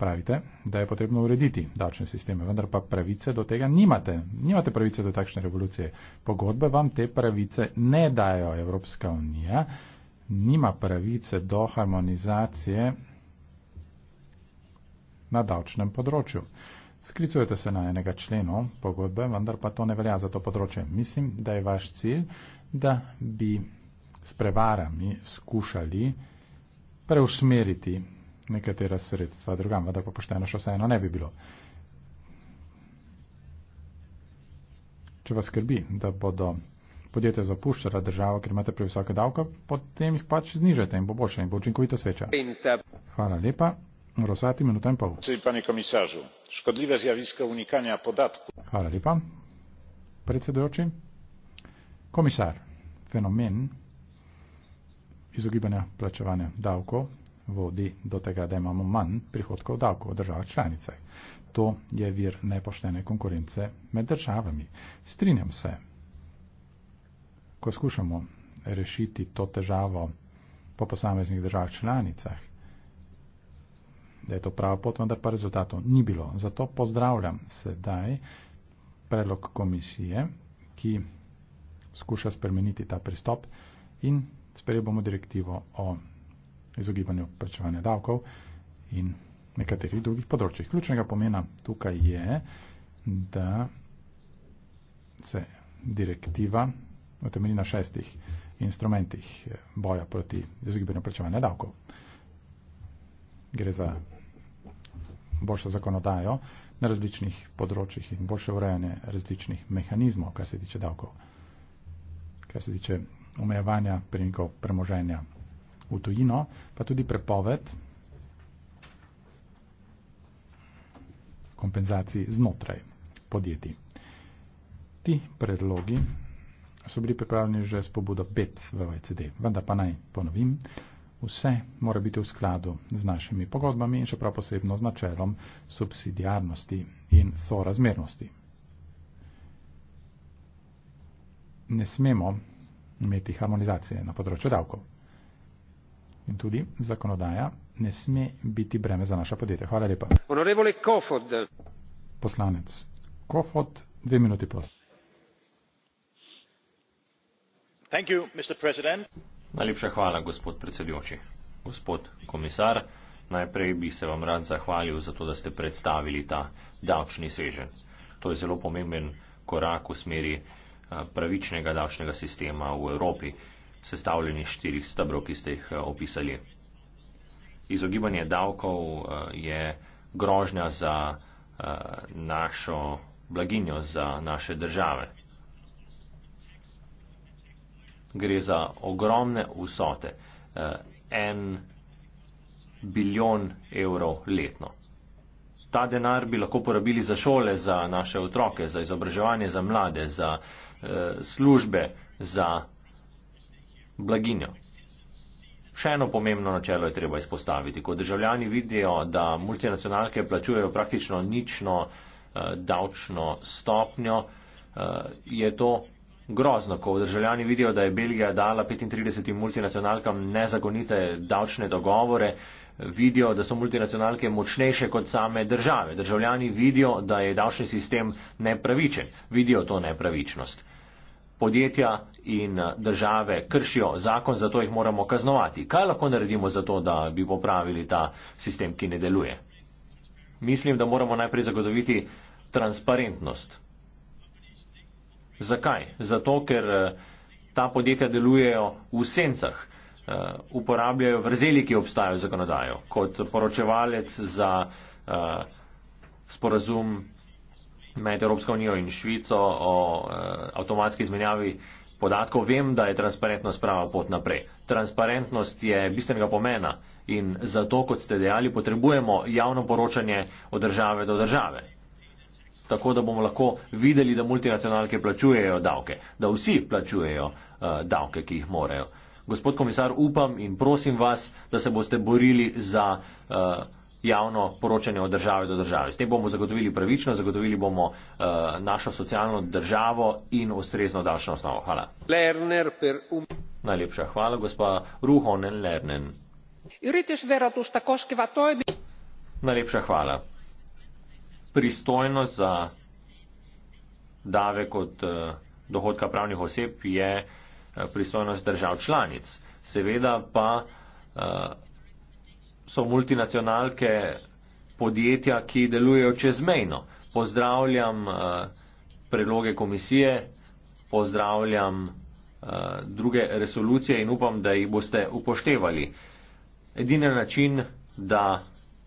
Pravite, da je potrebno urediti davčne sisteme, vendar pa pravice do tega nimate. Nimate pravice do takšne revolucije. Pogodbe vam te pravice ne dajo Evropska unija, nima pravice do harmonizacije na davčnem področju. Sklicujete se na enega členo pogodbe, vendar pa to ne velja za to področje. Mislim, da je vaš cilj, da bi s prevarami skušali preusmeriti nekatera sredstva drugam, vendar pa pošteno še vseeno ne bi bilo. Če vas skrbi, da bodo podjetja zapuščala državo, ker imate previsoke davke, potem jih pač znižajte in bo boljše in bo učinkovito sveča. Hvala lepa panie komisarzu szkodliwe zjawisko unikania podatku komisar fenomen izogibanja plačevanja davkov vodi do tega da imamo manj prihodkov davkov v državah članicah to je vir nepoštene konkurence med državami strinjam se ko skušamo rešiti to težavo po posameznih državah članicah da je to prava pot, vendar pa rezultatov ni bilo. Zato pozdravljam sedaj predlog komisije, ki skuša spremeniti ta pristop in sprejel bomo direktivo o izogibanju plačevanja davkov in nekaterih drugih področjih. Ključnega pomena tukaj je, da se direktiva utemeli na šestih instrumentih boja proti izogibanju plačevanja davkov gre za boljšo zakonodajo na različnih področjih in boljše urejanje različnih mehanizmov, kar se tiče davkov, kar se tiče omejevanja premikov premoženja v tujino, pa tudi prepoved kompenzacij znotraj podjetij. Ti predlogi so bili pripravljeni že s pobudo BEPS v OECD, vendar pa naj ponovim, Vse mora biti v skladu z našimi pogodbami in še prav posebno z načelom subsidijarnosti in sorazmernosti. Ne smemo imeti harmonizacije na področju davkov. In tudi zakonodaja ne sme biti breme za naša podjetja. Hvala lepa. Poslanec Kofod, dve minuti prosim. Thank you, Mr. President. Najlepša hvala, gospod predsedujoči. Gospod komisar, najprej bi se vam rad zahvalil za to, da ste predstavili ta davčni svežen. To je zelo pomemben korak v smeri eh, pravičnega davčnega sistema v Evropi, sestavljeni štirih stebrov, ki ste jih eh, opisali. Izogibanje davkov eh, je grožnja za našo blaginjo, za naše države gre za ogromne vsote, eh, en biljon evrov letno. Ta denar bi lahko porabili za šole, za naše otroke, za izobraževanje, za mlade, za eh, službe, za blaginjo. Še eno pomembno načelo je treba izpostaviti. Ko državljani vidijo, da multinacionalke plačujejo praktično nično eh, davčno stopnjo, je to grozno, ko državljani vidijo, da je Belgija dala 35 multinacionalkam nezakonite davčne dogovore, vidijo, da so multinacionalke močnejše kot same države. Državljani vidijo, da je davčni sistem nepravičen, vidijo to nepravičnost. Podjetja in eh, države kršijo zakon, zato jih moramo kaznovati. Kaj lahko naredimo za to, da bi popravili ta sistem, ki ne deluje? Mislim, da moramo najprej zagotoviti transparentnost. Zakaj? Zato, ker eh, ta podjetja delujejo v sencah, eh, uporabljajo vrzeli, ki obstajajo v zakonodaju, kot poročevalec za eh, sporazum med Evropsko unijo in Švico o avtomatski izmenjavi. Podatkov vem, da je transparentnost prava pot naprej. Transparentnost je bistvenega pomena in zato, kot ste dejali, potrebujemo javno poročanje od države do države tako da bomo lahko videli, da multinacionalke plačujejo davke, da vsi plačujejo uh, davke, ki jih morajo. Gospod komisar, upam in prosim vas, da se boste borili za uh, javno poročanje od države do države. S tem bomo zagotovili pravično, zagotovili bomo uh, našo socialno državo in ustrezno davčno osnovo. Hvala. Um... Najlepša hvala, gospa Ruhonen Lernen. Najlepša hvala pristojnost za davek od eh, dohodka pravnih oseb je eh, pristojnost držav članic. Seveda pa eh, so multinacionalke podjetja, ki delujejo čezmejno. Pozdravljam predloge komisije, pozdravljam druge resolucije in upam, da jih boste upoštevali. Edini način, da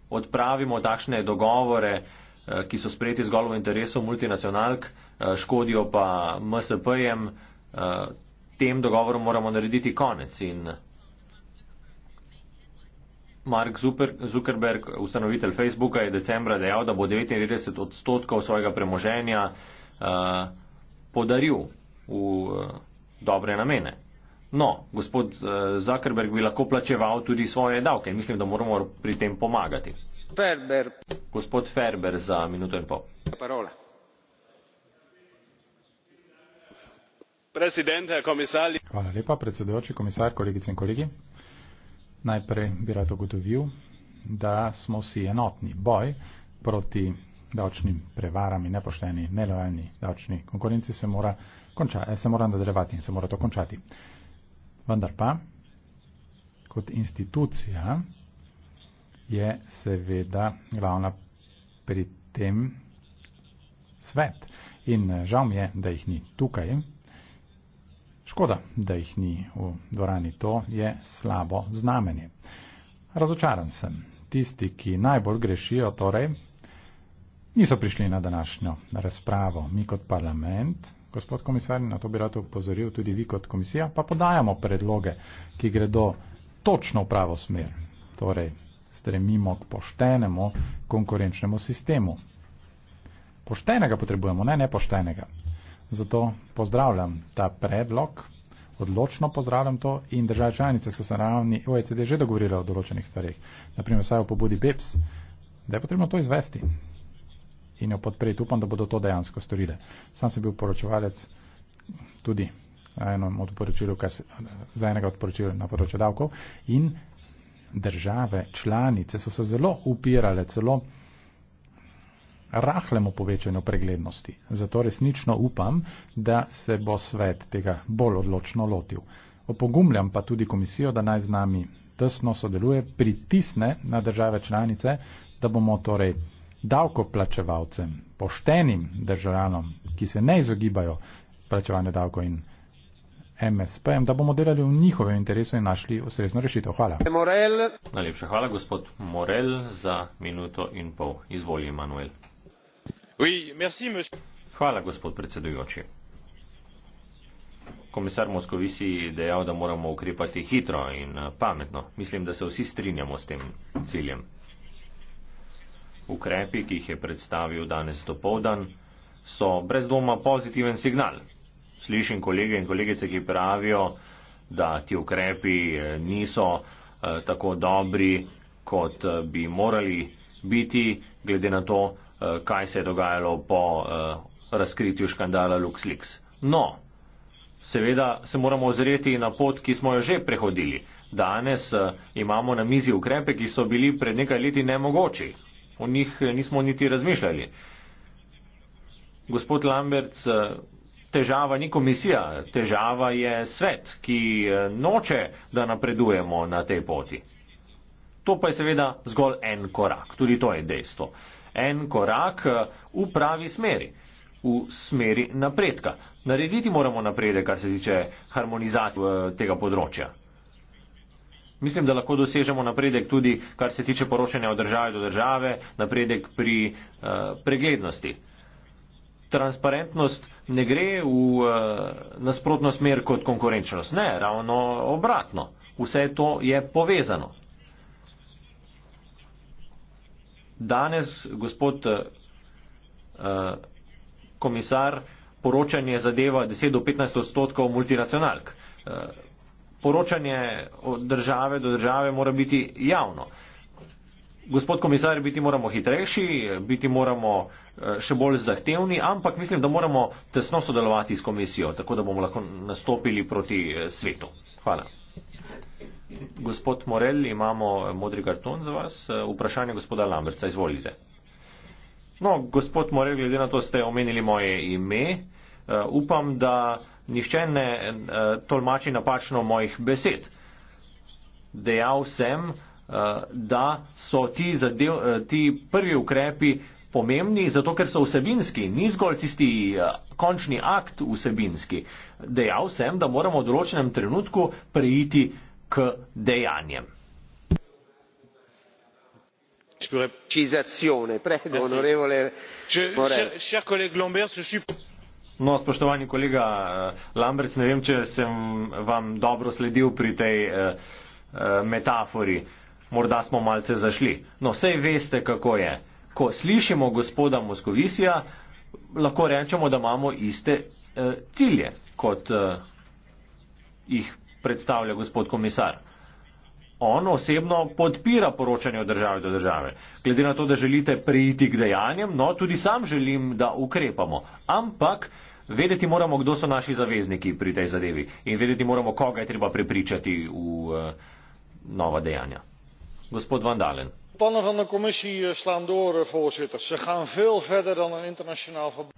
odpravimo takšne dogovore, Eh, ki so sprejeti zgolj v interesu multinacionalk, eh, škodijo pa MSP-jem, eh, tem dogovorom moramo narediti konec. In Mark Zuckerberg, ustanovitelj Facebooka, je decembra dejal, da bo 99 odstotkov svojega premoženja podaril v dobre namene. No, gospod Zuckerberg bi lahko plačeval tudi svoje davke in mislim, da moramo pri tem pomagati gospod ferber za minuto in pol hvala lepa predsedujoči komisar kolegice in kolegi najprej bi rad ugotovil da smo vsi enotni boj proti davčnim prevarami nepošteni nelojalni davčni konkurenci se mora konča, eh, se mora nadaljevati in se mora to končati vendar pa kot institucija je seveda glavna pri tem svet. In eh, žal mi je, da jih ni tukaj. Škoda, da jih ni v dvorani, to je slabo znamenje. Razočaran sem. Tisti, ki najbolj grešijo, torej, niso prišli na današnjo razpravo. Mi kot parlament, gospod komisar, na to bi rad upozoril tudi vi kot komisija, pa podajamo predloge, ki gredo točno v pravo smer. Torej, stremimo k poštenemu konkurenčnemu sistemu. Poštenega potrebujemo, ne nepoštenega. Zato pozdravljam ta predlog, odločno pozdravljam to in države članice so se na ravni OECD že dogovorile o določenih stvarih. Naprimer, saj v pobudi BEPS, da je potrebno to izvesti in jo podpreti. Upam, da bodo to dejansko storile. Sam sem bil poročevalec tudi za enega od poročil na področju davkov in države, članice so se zelo upirale celo rahlemu povečanju preglednosti. Zato resnično upam, da se bo svet tega bolj odločno lotil. Opogumljam pa tudi komisijo, da naj z nami tesno sodeluje, pritisne na države članice, da bomo torej davkoplačevalcem, poštenim državljanom, ki se ne izogibajo plačevanju davko in MSP-jem, da bomo delali v njihovem interesu in našli ustrezno rešitev. Hvala. Morel. Najlepša hvala, gospod Morel, za minuto in pol. Izvoli, Manuel. Oui, merci, hvala, gospod predsedujoči. Komisar Moskovisi je dejal, da moramo ukrepati hitro in eh, pametno. Mislim, da se vsi strinjamo s tem ciljem. Ukrepi, ki jih je predstavil danes dopovdan, so brez dvoma pozitiven signal slišim kolege in kolegice, ki pravijo, da ti ukrepi eh, niso eh, tako dobri, kot eh, bi morali biti, glede na to, kaj se je dogajalo po razkritju škandala LuxLeaks. No, seveda se moramo ozreti na pot, ki smo jo že prehodili. Danes imamo na mizi ukrepe, ki so bili pred nekaj leti nemogoči. O njih nismo niti razmišljali. Gospod Lamberts, težava ni komisija, težava je svet, ki eh, noče, da napredujemo na tej poti. To pa je seveda zgolj en korak, tudi to je dejstvo. En korak eh, v pravi smeri, v smeri napredka. Narediti moramo napredek, kar se tiče harmonizacije eh, tega področja. Mislim, da lahko dosežemo napredek tudi, kar se tiče poročanja od države do države, napredek pri uh, preglednosti. Uh, transparentnost ne gre v uh, nasprotno smer kot konkurenčnost. Ne, ravno obratno. Vse to je povezano. Danes, gospod uh, komisar, poročanje zadeva 10 do 15 odstotkov multinacionalk. Uh, poročanje od države do države mora biti javno. Uh, gospod komisar, biti moramo hitrejši, biti moramo eh, še bolj zahtevni, ampak mislim, da moramo tesno sodelovati s komisijo, tako da bomo lahko nastopili proti eh, svetu. Hvala. Gospod Morel, imamo eh, modri karton za vas. Vprašanje gospoda Lamberca, izvolite. No, gospod Morel, glede na to ste omenili moje ime, upam, da nišče ne tolmači napačno mojih besed. Dejal sem, Eh, da so ti, zadev, eh, ti prvi ukrepi pomembni, zato ker so vsebinski, ni zgolj tisti eh, končni akt vsebinski. Dejal sem, da moramo v določenem trenutku preiti k dejanjem. No, spoštovani kolega Lambrec, ne vem, če sem vam dobro sledil pri tej metafori morda smo malce zašli. No, sej veste, kako je. Ko slišimo gospoda Moskovisija, lahko rečemo, da imamo iste eh, cilje, kot eh, jih predstavlja gospod komisar. On osebno podpira poročanje od države do države. Glede na to, da želite prijiti k dejanjem, no tudi sam želim, da ukrepamo. Ampak vedeti moramo, kdo so naši zavezniki pri tej zadevi in vedeti moramo, koga je treba prepričati v uh, nova dejanja gospod van dalen. de plannen van de commissie eh, slaan door eh, voorzitter. ze gaan veel verder dan een internationaal verbod.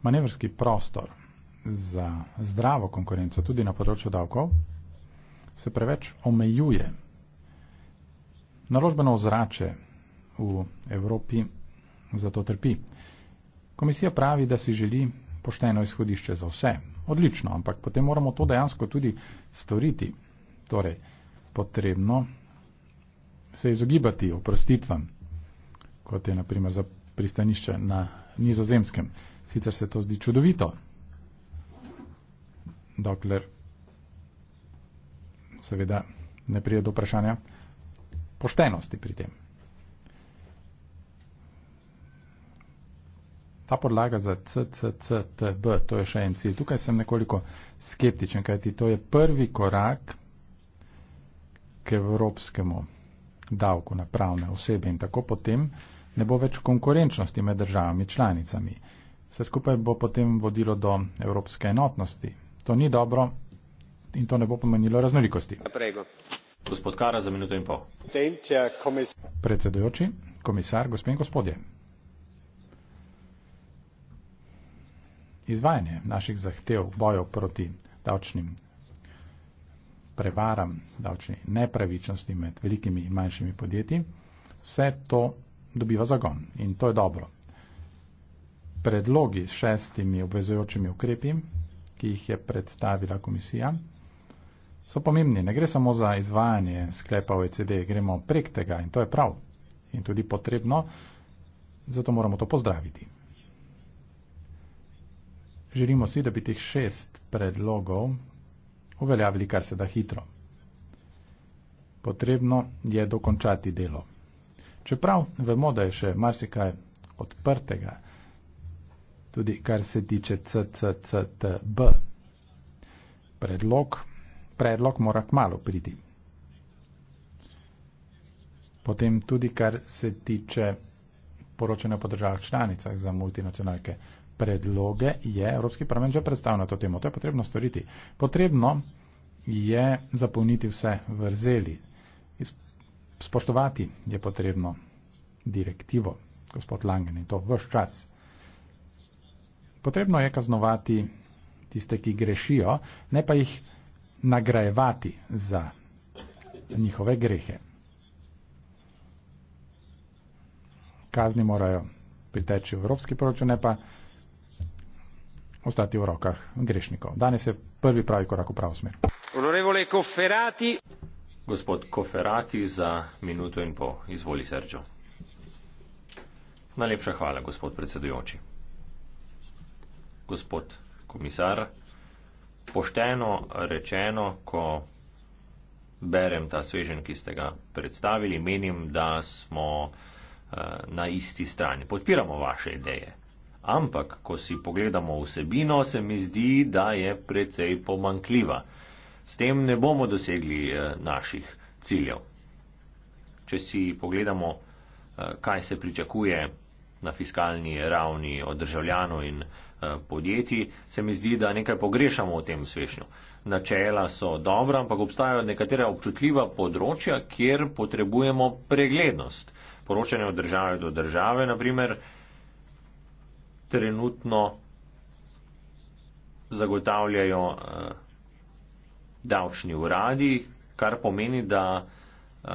manevrski prostor za zdravo konkurenco tudi na področju davkov se preveč omejuje. Naložbeno ozrače v Evropi zato trpi. Komisija pravi, da si želi pošteno izhodišče za vse. Odlično, ampak potem moramo to dejansko tudi storiti. Torej, potrebno se izogibati oprostitvam, kot je naprimer za pristanišče na nizozemskem. Sicer se to zdi čudovito, dokler seveda ne prije do vprašanja poštenosti pri tem. ta podlaga za CCCTB, to je še en cilj. Tukaj sem nekoliko skeptičen, kajti to je prvi korak k evropskemu davku na pravne osebe in tako potem ne bo več konkurenčnosti med državami članicami. Vse skupaj bo potem vodilo do evropske enotnosti. To ni dobro in to ne bo pomenilo raznolikosti. Gospod Kara za minuto in pol. Ja, Predsedujoči, komisar, gospod in gospodje. izvajanje naših zahtev bojov proti davčnim prevaram, davčni nepravičnosti med velikimi in manjšimi podjetji, vse to dobiva zagon in to je dobro. Predlogi s šestimi obvezujočimi ukrepi, ki jih je predstavila komisija, so pomembni. Ne gre samo za izvajanje sklepa OECD, gremo prek tega in to je prav in tudi potrebno, zato moramo to pozdraviti. Želimo si, da bi teh šest predlogov uveljavili kar se da hitro. Potrebno je dokončati delo. Čeprav vemo, da je še marsikaj odprtega, tudi kar se tiče CCCTB. Predlog, predlog mora k malu priti. Potem tudi kar se tiče poročanja po državah članicah za multinacionalke. Predloge je Evropski parlament že predstavil na to temo. To je potrebno storiti. Potrebno je zapolniti vse vrzeli. Spoštovati je potrebno direktivo, gospod Langen, in to vse čas. Potrebno je kaznovati tiste, ki grešijo, ne pa jih nagrajevati za njihove grehe. kazni morajo priteči v evropski proračun, ne pa ostati v rokah grešnikov. Danes je prvi pravi korak v pravo smer. Gospod Koferati za minuto in pol. Izvoli, Sergio. Najlepša hvala, gospod predsedujoči. Gospod komisar, pošteno rečeno, ko berem ta svežen, ki ste ga predstavili, menim, da smo Eh, na isti strani. Podpiramo vaše ideje. Ampak, ko si pogledamo vsebino, se mi zdi, da je precej pomankljiva. S tem ne bomo dosegli eh, naših ciljev. Če si pogledamo, eh, kaj se pričakuje na fiskalni ravni od državljanov in podjetij, se mi zdi, da nekaj pogrešamo v tem svešnju. Načela so dobra, ampak obstajajo nekatera občutljiva področja, kjer potrebujemo preglednost poročanje od države do države, naprimer, trenutno zagotavljajo uh, davčni uradi, kar pomeni, da uh,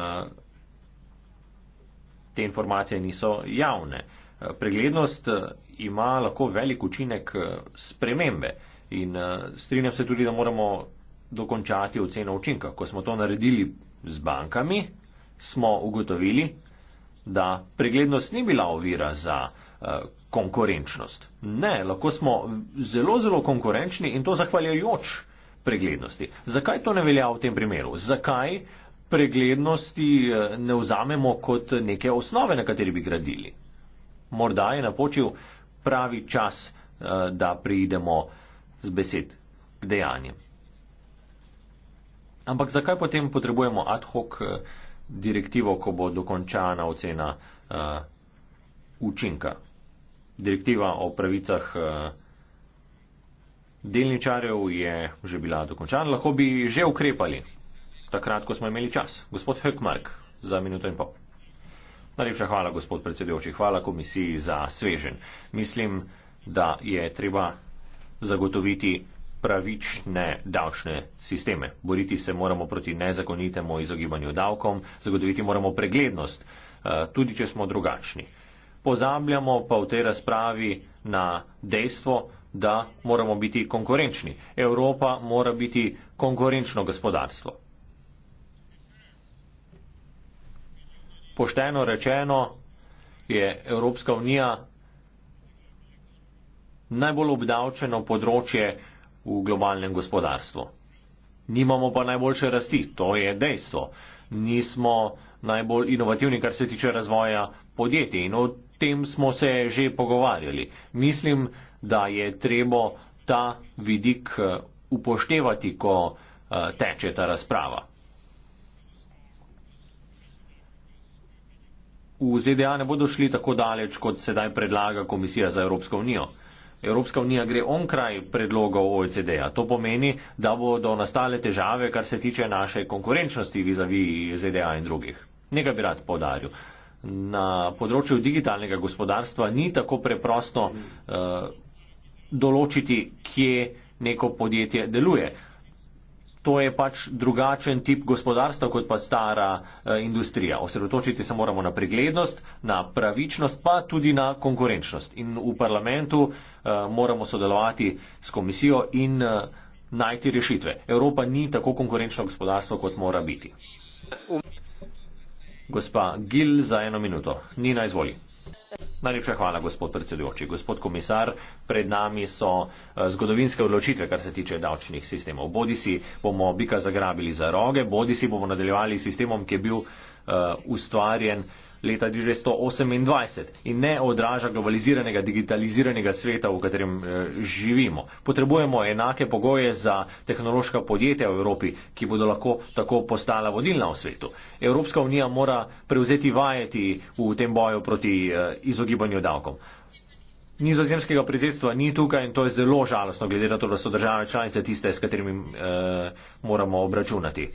te informacije niso javne. Uh, preglednost uh, ima lahko velik učinek uh, spremembe in uh, strinjam se tudi, da moramo dokončati oceno učinka. Ko smo to naredili z bankami, smo ugotovili, da preglednost ni bila ovira za uh, konkurenčnost. Ne, lahko smo zelo, zelo konkurenčni in to zahvaljajoč preglednosti. Zakaj to ne velja v tem primeru? Zakaj preglednosti eh, ne vzamemo kot neke osnove, na kateri bi gradili? Morda je napočil pravi čas, uh, da pridemo z besed k dejanjem. Ampak zakaj potem potrebujemo ad hoc uh, direktivo, ko bo dokončana ocena uh, učinka. Direktiva o pravicah uh, delničarjev je že bila dokončana, lahko bi že ukrepali, takrat, ko smo imeli čas. Gospod Hökmark, za minuto in pol. Najlepša hvala, gospod predsedujoči, hvala komisiji za svežen. Mislim, da je treba zagotoviti pravične davčne sisteme. Boriti se moramo proti nezakonitemu izogibanju davkom, zagotoviti moramo preglednost, eh, tudi če smo drugačni. Pozabljamo pa v tej razpravi na dejstvo, da moramo biti konkurenčni. Evropa mora biti konkurenčno gospodarstvo. Pošteno rečeno je Evropska unija najbolj obdavčeno področje, v globalnem gospodarstvu. Nimamo pa najboljše rasti, to je dejstvo. Nismo najbolj inovativni, kar se tiče razvoja podjetij in o tem smo se že pogovarjali. Mislim, da je treba ta vidik eh, upoštevati, ko eh, teče ta razprava. V ZDA ne bodo šli tako daleč, kot sedaj predlaga Komisija za Evropsko unijo. Evropska unija gre onkraj predlogov OECD-a. To pomeni, da bodo nastale težave, kar se tiče naše konkurenčnosti vizavi ZDA in drugih. Nekaj bi rad podaril. Na področju digitalnega gospodarstva ni tako preprosto uh, določiti, kje neko podjetje deluje to je pač drugačen tip gospodarstva kot pa stara e, industrija. Osredotočiti se moramo na preglednost, na pravičnost, pa tudi na konkurenčnost. In v parlamentu e, moramo sodelovati s komisijo in e, najti rešitve. Evropa ni tako konkurenčno gospodarstvo, kot mora biti. Gospa Gil za eno minuto. Nina, izvolite. Najlepša hvala, gospod predsedujoči. Gospod komisar, pred nami so eh, zgodovinske odločitve, kar se tiče davčnih sistemov. Bodi si bomo bika zagrabili za roge, bodi si bomo nadaljevali s sistemom, ki je bil uh, ustvarjen uh, leta 1928 in ne odraža globaliziranega, digitaliziranega sveta, v katerem eh, živimo. Potrebujemo enake pogoje za tehnološka podjetja v Evropi, ki bodo lahko tako postala vodilna v svetu. Evropska unija mora prevzeti vajeti v tem boju proti eh, izogibanju davkom. Nizozemskega predsedstva ni tukaj in to je zelo žalostno, glede na to, da so države članice tiste, s katerimi eh, moramo obračunati.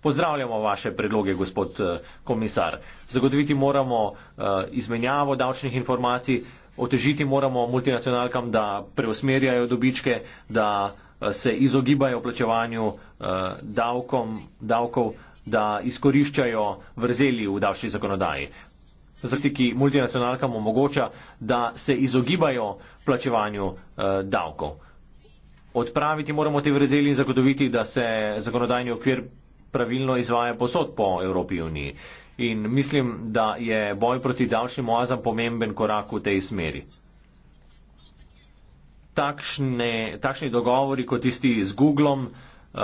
Pozdravljamo vaše predloge, gospod eh, komisar. Zagotoviti moramo eh, izmenjavo davčnih informacij, otežiti moramo multinacionalkam, da preusmerjajo dobičke, da eh, se izogibajo plačevanju davkom, davkov, da izkoriščajo vrzeli v davčni zakonodaji. Zrsti, ki multinacionalkam omogoča, da se izogibajo plačevanju davkov. Odpraviti moramo te vrzeli in zagotoviti, da se zakonodajni okvir pravilno izvaja posod po Evropi uniji. In mislim, da je boj proti davčnim oazam pomemben korak v tej smeri. Takšne, takšni dogovori kot tisti z Googlom uh,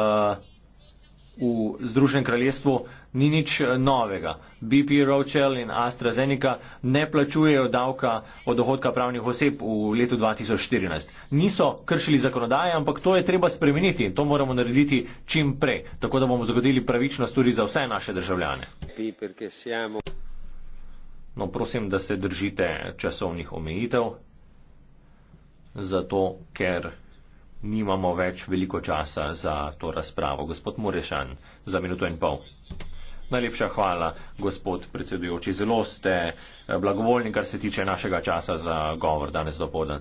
v Združenem kraljestvu ni nič eh, novega. BP Rochel in AstraZeneca ne plačujejo davka od dohodka pravnih oseb v letu 2014. Niso kršili zakonodaje, ampak to je treba spremeniti in to moramo narediti čim prej, tako da bomo zagotovili pravičnost tudi za vse naše državljane. No, prosim, da se držite časovnih omejitev, zato ker nimamo več veliko časa za to razpravo. Gospod Morešan, za minuto in pol. Najlepša hvala, gospod predsedujoči. Zelo ste eh, blagovoljni, kar se tiče našega časa za govor danes dopoldan.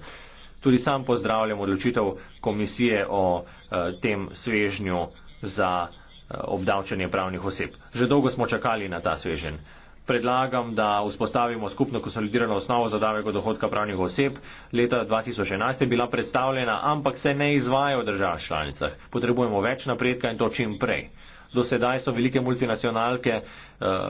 Tudi sam pozdravljam odločitev komisije o eh, tem svežnju za eh, obdavčanje pravnih oseb. Že dolgo smo čakali na ta svežen predlagam, da vzpostavimo skupno konsolidirano osnovo za davek od dohodka pravnih oseb. Leta 2011 je bila predstavljena, ampak se ne izvaja v državah članicah. Potrebujemo več napredka in to čim prej. Do sedaj so velike multinacionalke eh,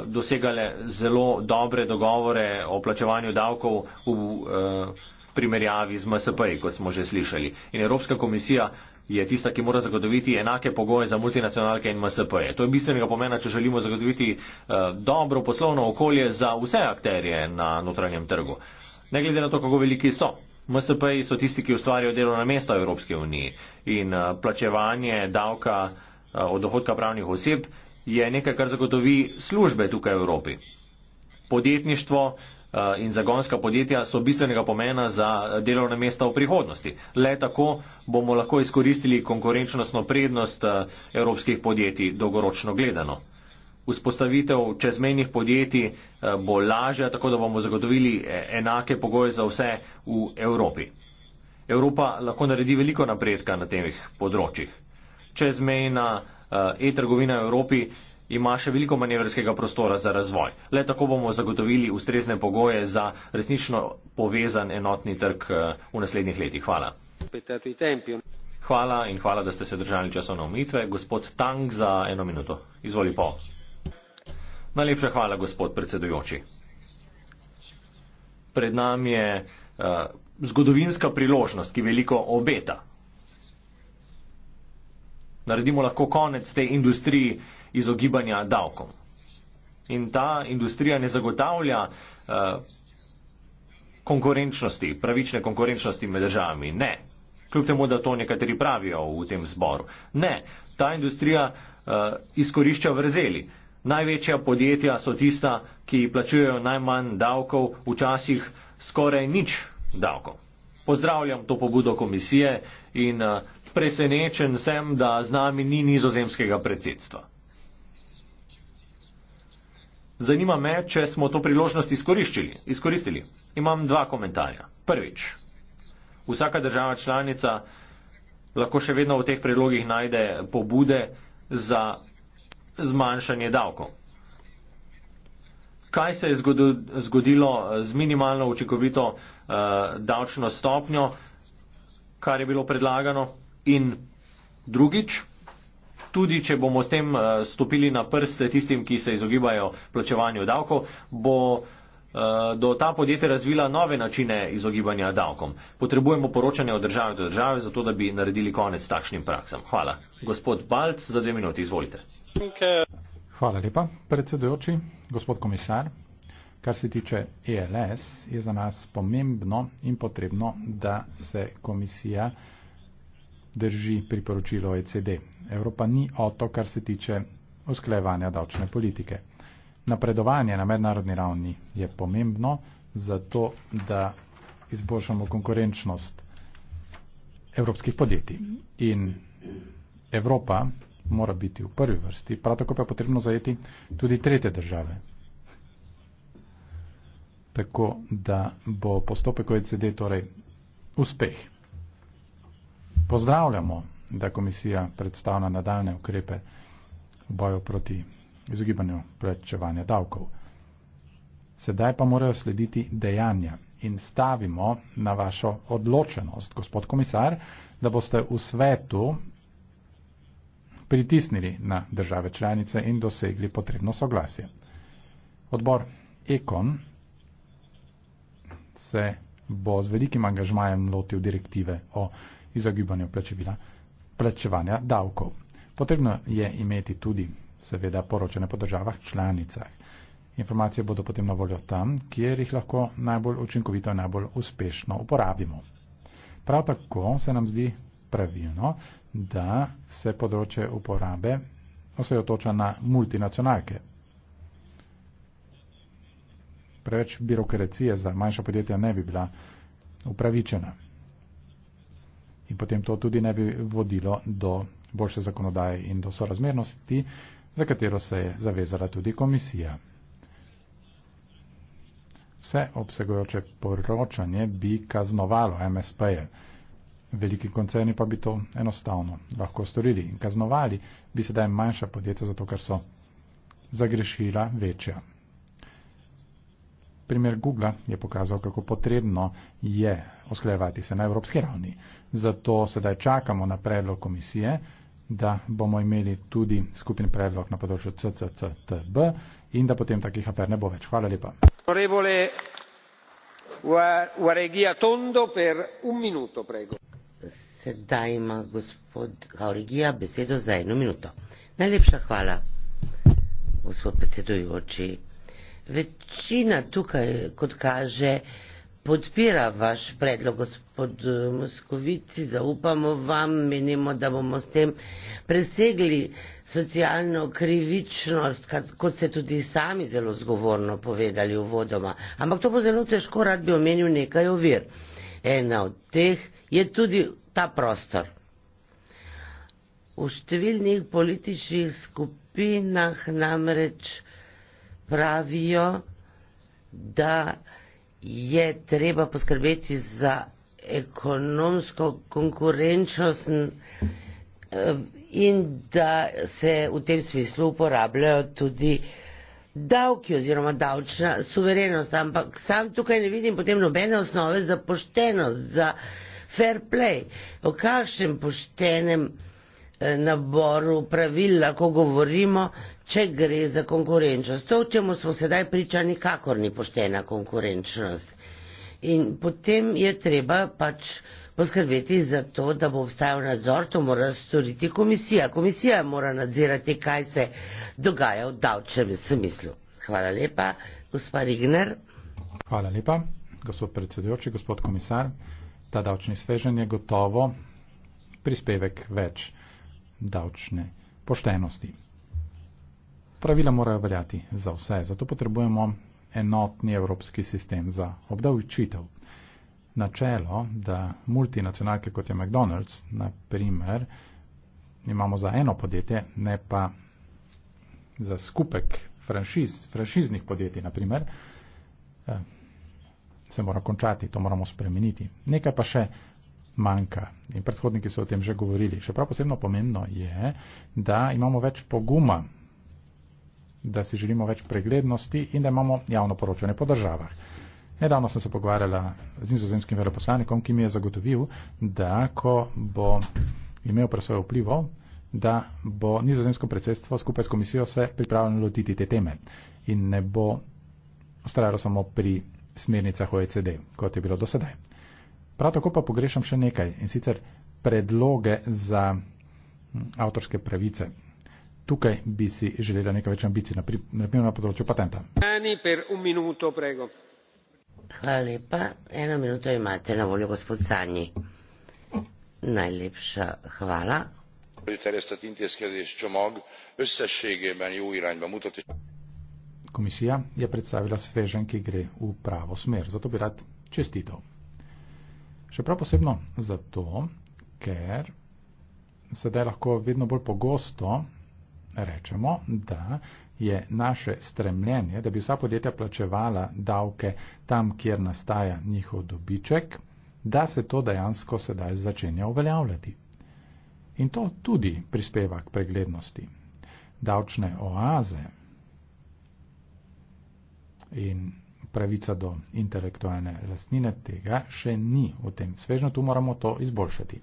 dosegale zelo dobre dogovore o plačevanju davkov v eh, primerjavi z MSP, kot smo že slišali. In Evropska komisija je tista, ki mora zagotoviti enake pogoje za multinacionalke in MSP-je. To je bistvenega pomena, če želimo zagotoviti eh, dobro poslovno okolje za vse akterje na notranjem trgu. Ne glede na to, kako veliki so. MSP-ji so tisti, ki ustvarjajo delovna mesta v Evropski uniji in eh, plačevanje davka eh, od dohodka pravnih oseb je nekaj, kar zagotovi službe tukaj v Evropi. Podjetništvo Eh, in zagonska podjetja so bistvenega pomena za eh, delovne mesta v prihodnosti. Le tako bomo lahko izkoristili konkurenčnostno prednost eh, evropskih podjetij dolgoročno gledano. Vzpostavitev čezmejnih podjetij bo lažja, tako da bomo zagotovili enake pogoje za vse v Evropi. Evropa lahko naredi veliko napredka na teh področjih. Čezmejna e-trgovina v Evropi ima še veliko manevrskega prostora za razvoj. Le tako bomo zagotovili ustrezne pogoje za resnično povezan enotni trg eh, v naslednjih letih. Hvala. Hvala in hvala, da ste se držali časovne omitve. Gospod Tang za eno minuto. Izvoli pol. Najlepša hvala, gospod predsedujoči. Pred nami je uh, zgodovinska priložnost, ki veliko obeta. Naredimo lahko konec tej industriji, uh, izogibanja davkom. In ta industrija ne zagotavlja uh, konkurenčnosti, pravične konkurenčnosti med državami. Ne. Kljub temu, da to nekateri pravijo v tem zboru. Ne. Ta industrija uh, izkorišča vrzeli. Največja podjetja so tista, ki plačujejo najmanj davkov, včasih skoraj nič davkov. Pozdravljam to pobudo komisije in uh, presenečen sem, da z nami ni nizozemskega predsedstva. Zanima me, če smo to priložnost izkoriščili. izkoristili. Imam dva komentarja. Prvič, vsaka država članica lahko še vedno v teh predlogih najde pobude za zmanjšanje davkov. Kaj se je zgodilo z minimalno učinkovito uh, davčno stopnjo, kar je bilo predlagano? In drugič, tudi če bomo s tem eh, stopili na prste tistim, ki se izogibajo plačevanju davkov, bo eh, do ta podjetja razvila nove načine izogibanja davkom. Potrebujemo poročanje od države do države, zato da bi naredili konec takšnim praksam. Hvala. Gospod Balc, za dve minuti izvolite. Hvala lepa, predsedujoči, gospod komisar. Kar se tiče ELS, je za nas pomembno in potrebno, da se komisija drži priporočilo OECD. Evropa ni oto, kar se tiče usklajevanja davčne politike. Napredovanje na mednarodni ravni je pomembno zato, da izboljšamo konkurenčnost evropskih podjetij. In Evropa mora biti v prvi vrsti, prav tako pa je potrebno zajeti tudi tretje države. Tako da bo postopek OECD torej uspeh pozdravljamo, da komisija predstavlja nadaljne ukrepe v boju proti izogibanju plačevanja davkov. Sedaj pa morajo slediti dejanja in stavimo na vašo odločenost, gospod komisar, da boste v svetu pritisnili na države članice in dosegli potrebno soglasje. Odbor Ekon se bo z velikim angažmajem lotil direktive o izogibanju plačevanja davkov. Potrebno je imeti tudi seveda poročene po državah članicah. Informacije bodo potem na voljo tam, kjer jih lahko najbolj učinkovito in najbolj uspešno uporabimo. Prav tako se nam zdi pravilno, da se področje uporabe osredotoča na multinacionalke. Preveč birokracije za manjša podjetja ne bi bila upravičena in potem to tudi ne bi vodilo do boljše zakonodaje in do sorazmernosti, za katero se je zavezala tudi komisija. Vse obsegojoče poročanje bi kaznovalo MSP-je. Veliki koncerni pa bi to enostavno lahko storili in kaznovali bi sedaj manjša podjetja, zato ker so zagrešila večja. Primer Google je pokazal, kako potrebno je usklajevati se na evropski ravni. Zato sedaj čakamo na predlog komisije, da bomo imeli tudi skupni predlog na področju CCCTB in da potem takih afer ne bo več. Hvala lepa. Sedaj ima gospod Gauregija besedo za eno minuto. Najlepša hvala, gospod predsedujoči. Večina tukaj, kot kaže, podpira vaš predlog, gospod eh, Moskovici, zaupamo vam, menimo, da bomo s tem presegli socialno krivičnost, kot ste tudi sami zelo zgovorno povedali uvodoma. Ampak to bo zelo težko, rad bi omenil nekaj ovir. Ena od teh je tudi ta prostor. V številnih političnih skupinah namreč pravijo, da je treba poskrbeti za ekonomsko konkurenčnost eh, in da se v tem smislu uporabljajo tudi davki oziroma davčna suverenost. Ampak sam tukaj ne vidim potem nobene osnove za poštenost, za fair play. O kakšnem poštenem eh, naboru pravil lahko govorimo, Če gre za konkurenčnost, to, čemu smo sedaj pričali, nikakor ni poštena konkurenčnost. In potem je treba pač poskrbeti za to, da bo obstajal nadzor, to mora storiti komisija. Komisija mora nadzirati, kaj se dogaja v davčnem smislu. Hvala lepa, gospod Rigner. Hvala lepa, gospod predsedujoči, gospod komisar. Ta davčni svežen je gotovo prispevek več davčne poštenosti. Pravila morajo veljati za vse, zato potrebujemo enotni evropski sistem za obdavčitev. Načelo, da multinacionalke kot je McDonald's, na primer, imamo za eno podjetje, ne pa za skupek franšiz, franšiznih podjetij, na primer, eh, se mora končati, to moramo spremeniti. Nekaj pa še manjka in predhodniki so o tem že govorili. Še prav posebno pomembno je, da imamo več poguma da si želimo več preglednosti in da imamo javno poročanje po državah. Nedavno sem se pogovarjala z nizozemskim veleposlanikom, ki mi je zagotovil, da ko bo imel presojo vplivo, da bo nizozemsko predsedstvo skupaj s komisijo se pripravljeno lotiti te teme in ne bo ostrajalo samo pri smernicah OECD, kot je bilo do sedaj. Prav tako pa pogrešam še nekaj in sicer predloge za mm, avtorske pravice tukaj bi si želela nekaj več ambicij naprimer na področju patenta. Hvala lepa. Eno minuto imate na voljo, gospod Sanji. Najlepša hvala. Komisija je predstavila svežen, ki gre v pravo smer. Zato bi rad čestitev. Še prav posebno zato, ker sedaj lahko vedno bolj pogosto rečemo, da je naše stremljenje, da bi vsa podjetja plačevala davke tam, kjer nastaja njihov dobiček, da se to dejansko sedaj začenja uveljavljati. In to tudi prispeva k preglednosti. Davčne oaze in pravica do intelektualne lastnine tega še ni v tem svežnju, tu moramo to izboljšati.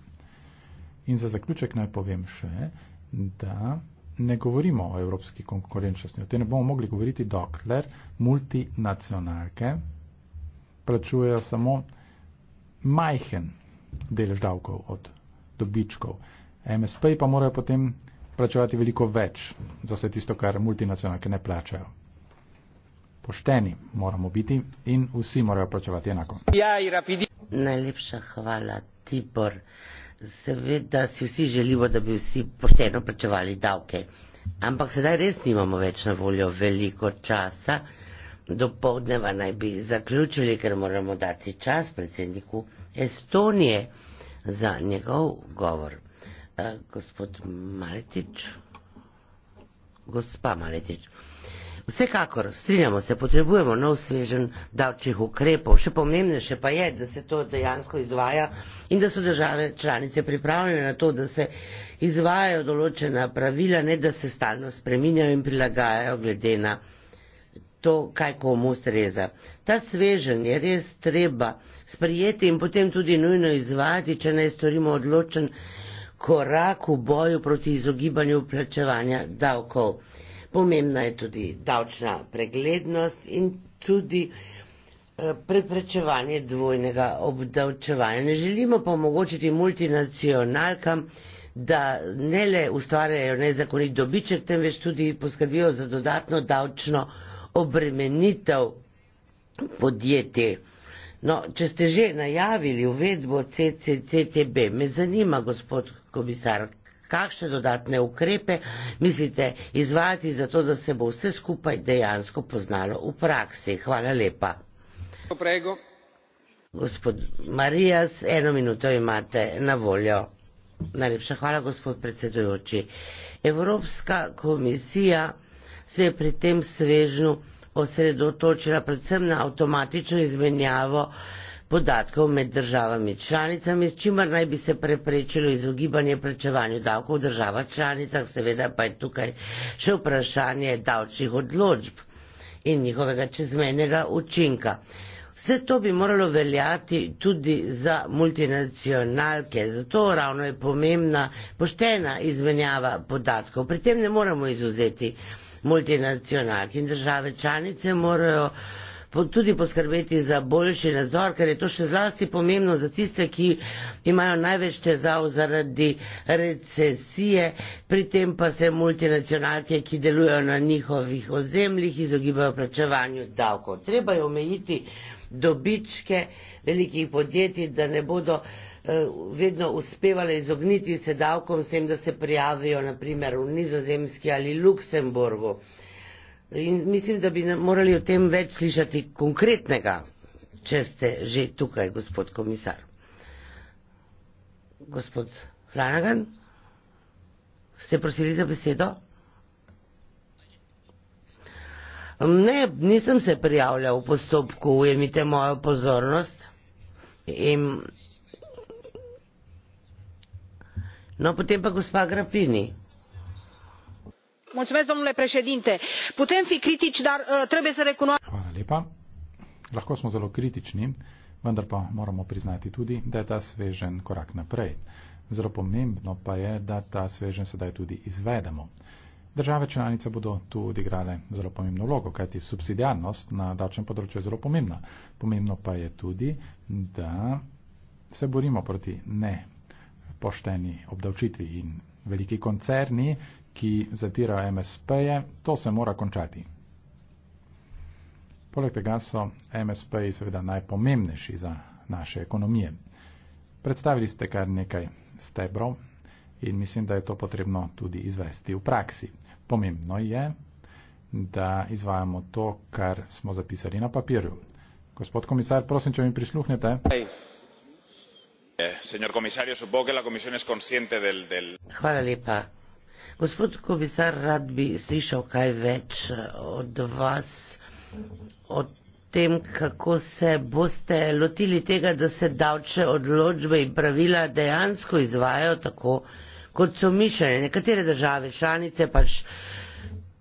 In za zaključek naj povem še, da ne govorimo o evropski konkurenčnosti. O tem ne bomo mogli govoriti, dokler multinacionalke plačujejo samo majhen delež davkov od dobičkov. MSP pa morajo potem plačevati veliko več za vse tisto, kar multinacionalke ne plačajo. Pošteni moramo biti in vsi morajo plačevati enako. Najlepša hvala, Tibor. Seveda si vsi želimo, da bi vsi pošteno plačevali davke. Ampak sedaj res nimamo več na voljo veliko časa. Do povdneva naj bi zaključili, ker moramo dati čas predsedniku Estonije za njegov govor. Uh, gospod Maletič. Gospa Maletič. Vsekakor strinjamo se, potrebujemo nov svežen davčnih ukrepov. Še pomembnejše pa je, da se to dejansko izvaja in da so države članice pripravljene na to, da se izvajajo določena pravila, ne da se stalno spreminjajo in prilagajajo glede na to, kaj komu ustreza. Ta svežen je res treba sprijeti in potem tudi nujno izvajati, če ne storimo odločen korak v boju proti izogibanju plačevanja davkov. Pomembna je tudi davčna preglednost in tudi eh, preprečevanje dvojnega obdavčevanja. Ne želimo pa omogočiti multinacionalkam, da ne le ustvarjajo nezakonit dobiček, temveč tudi poskrbijo za dodatno davčno obremenitev podjetij. No, če ste že najavili uvedbo CCCTB, me zanima, gospod komisar, kakšne dodatne ukrepe mislite izvajati za to, da se bo vse skupaj dejansko poznalo v praksi. Hvala lepa. Poprego. Gospod Marijas, eno minuto imate na voljo. Najlepša hvala, gospod predsedujoči. Evropska komisija se je pri tem svežnju osredotočila predvsem na avtomatično izmenjavo podatkov med državami članicami, s čimer naj bi se preprečilo izogibanje plačevanju davkov v državah članicah, seveda pa je tukaj še vprašanje davčnih odločb in njihovega čezmenjega učinka. Vse to bi moralo veljati tudi za multinacionalke, zato ravno je pomembna poštena izmenjava podatkov. Pri tem ne moremo izuzeti multinacionalk in države članice morajo tudi poskrbeti za boljši nadzor, ker je to še zlasti pomembno za tiste, ki imajo največ težav zaradi recesije, pri tem pa se multinacionalke, ki delujejo na njihovih ozemljih, izogibajo plačevanju davkov. Treba je omeniti dobičke velikih podjetij, da ne bodo eh, vedno uspevale izogniti se davkom s tem, da se prijavijo naprimer v Nizozemski ali Luksemburgu. In mislim, da bi morali o tem več slišati konkretnega, če ste že tukaj, gospod komisar. Gospod Flanagan, ste prosili za besedo? Ne, nisem se prijavljal v postopku, ujemite mojo pozornost. In... No, potem pa gospa Grapini domnule președinte putem fi critici dar uh, trebuie să recunoaștem. Hvala lepa. Lahko smo zelo kritični, vendar pa moramo priznati tudi, da je ta svežen korak naprej. Zelo pomembno pa je, da ta svežen sedaj tudi izvedemo. Države članice bodo tu odigrale zelo pomembno vlogo, kajti subsidijarnost na davčnem področju je zelo pomembna. Pomembno pa je tudi, da se borimo proti nepošteni obdavčitvi in veliki koncerni, ki zatira MSP-je, to se mora končati. Poleg tega so MSP-ji seveda najpomembnejši za naše ekonomije. Predstavili ste kar nekaj stebrov in mislim, da je to potrebno tudi izvesti v praksi. Pomembno je, da izvajamo to, kar smo zapisali na papirju. Gospod komisar, prosim, če mi prisluhnete. Eh, Hvala lepa. Gospod komisar, rad bi slišal kaj več eh, od vas o tem, kako se boste lotili tega, da se davče odločbe in pravila dejansko izvajo tako, kot so mišljene. Nekatere države članice pač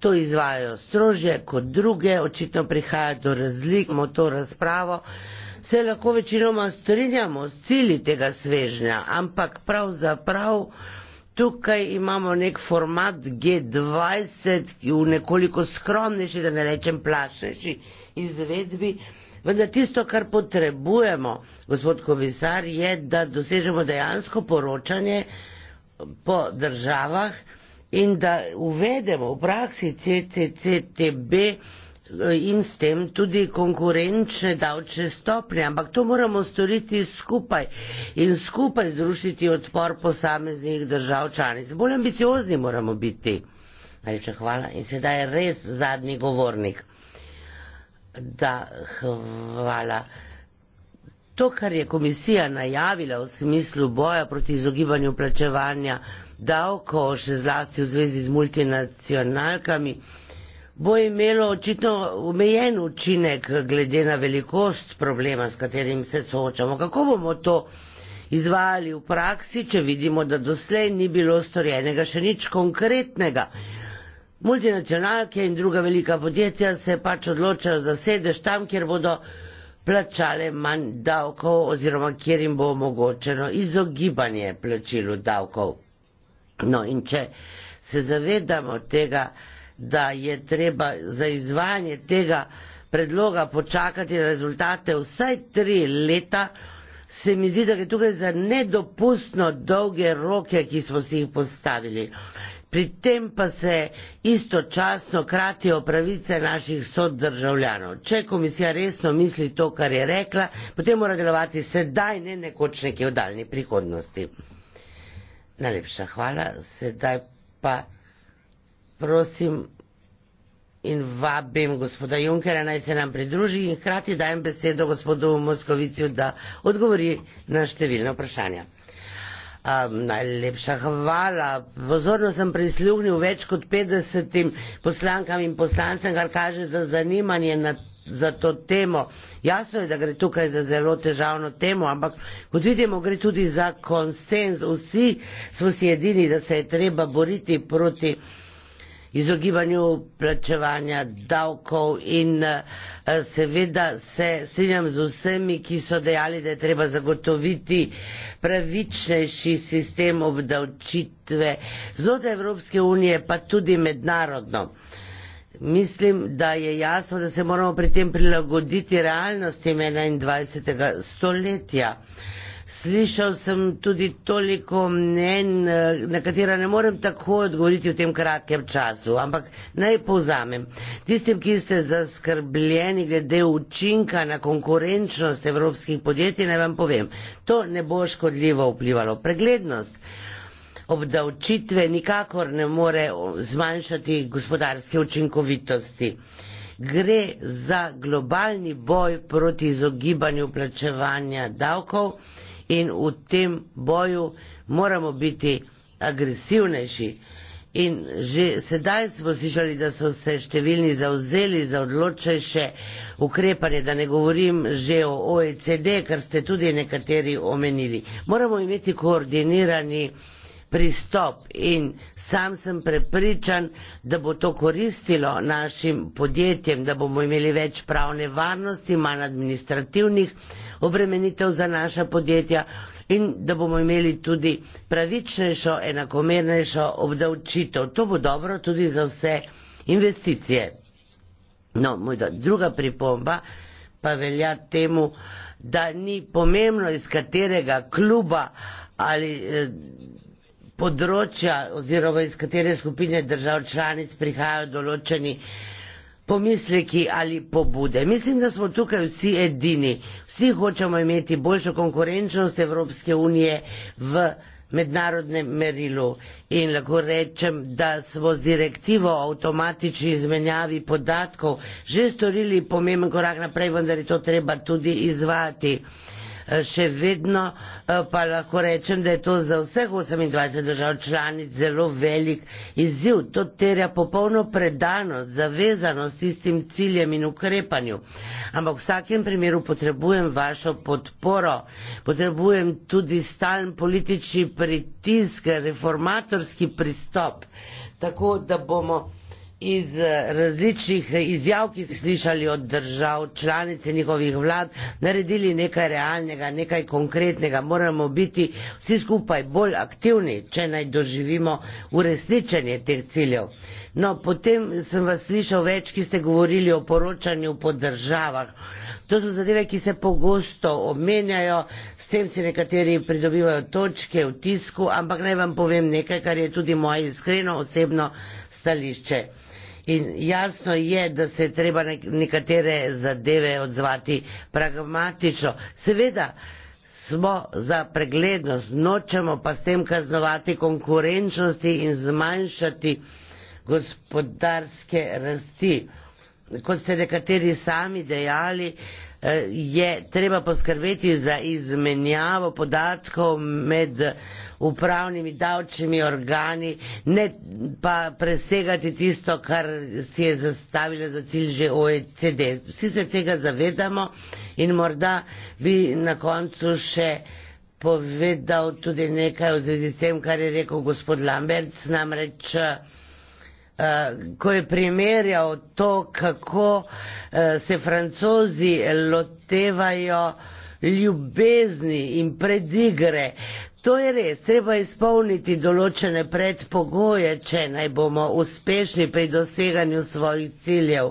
to izvajo strožje kot druge, očitno prihaja do razlik, imamo to razpravo. Se lahko večinoma strinjamo s cilji tega svežnja, ampak pravzaprav prav tukaj imamo nek format G20, ki je v nekoliko skromnejši, da ne rečem plašnejši izvedbi. Vendar tisto, kar potrebujemo, gospod komisar, je, da dosežemo dejansko poročanje po državah in da uvedemo v praksi CCCTB in s tem tudi konkurenčne davčne stopnje. Ampak to moramo storiti skupaj in skupaj zrušiti odpor posameznih držav članic. Bolj ambiciozni moramo biti. Najlepša hvala. In sedaj je res zadnji govornik. Da, hvala. To, kar je komisija najavila v smislu boja proti izogibanju plačevanja davkov, še zlasti v zvezi z multinacionalkami, bo imelo očitno omejen učinek glede na velikost problema, s katerim se soočamo. Kako bomo to izvajali v praksi, če vidimo, da doslej ni bilo storjenega še nič konkretnega. Multinacionalke in druga velika podjetja se pač odločajo za sedež tam, kjer bodo plačale manj davkov oziroma kjer jim bo omogočeno izogibanje plačilu davkov. No in če se zavedamo tega, da je treba za izvajanje tega predloga počakati rezultate vsaj tri leta, se mi zdi, da je tukaj za nedopustno dolge roke, ki smo si jih postavili. Pri tem pa se istočasno kratijo pravice naših sodržavljanov. Če komisija resno misli to, kar je rekla, potem mora delovati sedaj, ne nekoč neki v daljni prihodnosti. Najlepša hvala, sedaj pa prosim in vabim gospoda Junkera naj se nam pridruži in hkrati dajem besedo gospodu Moskovicu, da odgovori na številne vprašanja. Um, najlepša hvala. Pozorno sem prisluhnil več kot 50 poslankam in poslancem, kar kaže za zanimanje na, za to temo. Jasno je, da gre tukaj za zelo težavno temo, ampak kot vidimo, gre tudi za konsens. Vsi smo si edini, da se je treba boriti proti uh, izogibanju plačevanja davkov in eh, seveda se strinjam z vsemi, ki so dejali, da je treba zagotoviti pravičnejši sistem obdavčitve znotraj Evropske unije, pa tudi mednarodno. Mislim, da je jasno, da se moramo pri tem prilagoditi realnosti 21. stoletja. Slišal sem tudi toliko mnen, na katera ne morem tako odgovoriti v tem kratkem času, ampak naj povzamem. Tistim, ki ste zaskrbljeni glede učinka na konkurenčnost evropskih podjetij, naj vam povem, to ne bo škodljivo vplivalo. Preglednost obdavčitve nikakor ne more zmanjšati gospodarske učinkovitosti. Gre za globalni boj proti izogibanju plačevanja davkov in v tem boju moramo biti agresivnejši. In že sedaj smo slišali, da so se številni zauzeli za odločajše ukrepanje, da ne govorim že o OECD, kar ste tudi nekateri omenili. Moramo imeti koordinirani pristop in sam sem prepričan, da bo to koristilo našim podjetjem, da bomo imeli več pravne varnosti, manj administrativnih obremenitev za naša podjetja in da bomo imeli tudi pravičnejšo, enakomernejšo obdavčitev. To bo dobro tudi za vse investicije. No, moja druga pripomba pa velja temu, da ni pomembno, iz katerega kluba ali. Eh, področja oziroma iz katere skupine držav članic prihajajo določeni pomisleki ali pobude. Mislim, da smo tukaj vsi edini. Vsi hočemo imeti boljšo konkurenčnost Evropske unije v mednarodnem merilu in lahko rečem, da smo z direktivo o avtomatični izmenjavi podatkov že storili pomemben korak naprej, vendar je to treba tudi izvati še vedno eh, pa lahko rečem, da je to za vseh 28 držav članic zelo velik izziv. To terja popolno predanost, zavezanost tistim ciljem in ukrepanju. Ampak v vsakem primeru potrebujem vašo podporo, potrebujem tudi stalen politični pritisk, reformatorski pristop, tako da bomo iz različnih izjav, ki ste slišali od držav, članice njihovih vlad, naredili nekaj realnega, nekaj konkretnega. Moramo biti vsi skupaj bolj aktivni, če naj doživimo uresničenje teh ciljev. No, potem sem vas slišal več, ki ste govorili o poročanju po državah. To so zadeve, ki se pogosto omenjajo, s tem si nekateri pridobivajo točke v tisku, ampak naj vam povem nekaj, kar je tudi moje iskreno osebno stališče. In jasno je, da se treba nekatere zadeve odzvati pragmatično. Seveda smo za preglednost, nočemo pa s tem kaznovati konkurenčnosti in zmanjšati gospodarske rasti. Kot ste nekateri sami dejali, Eh, je treba poskrbeti za izmenjavo podatkov med upravnimi davčnimi organi, ne pa presegati tisto, kar si je zastavila za cilj že OECD. Vsi se tega zavedamo in morda bi na koncu še povedal tudi nekaj v zvezi s tem, kar je rekel gospod Lamberts, namreč Eh, ko je primerjal to, kako eh, se francozi lotevajo ljubezni in predigre. To je res, treba izpolniti določene predpogoje, če naj bomo uspešni pri doseganju svojih ciljev,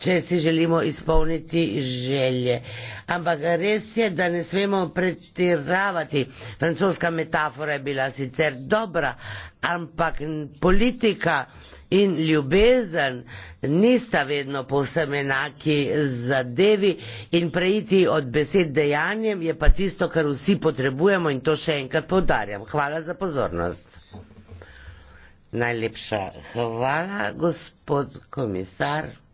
če si želimo izpolniti želje. Ampak res je, da ne smemo pretiravati. Francoska metafora je bila sicer dobra, ampak politika in ljubezen nista vedno povsem enaki zadevi in preiti od besed dejanjem je pa tisto, kar vsi potrebujemo in to še enkrat povdarjam. Hvala za pozornost. Najlepša hvala, gospod komisar.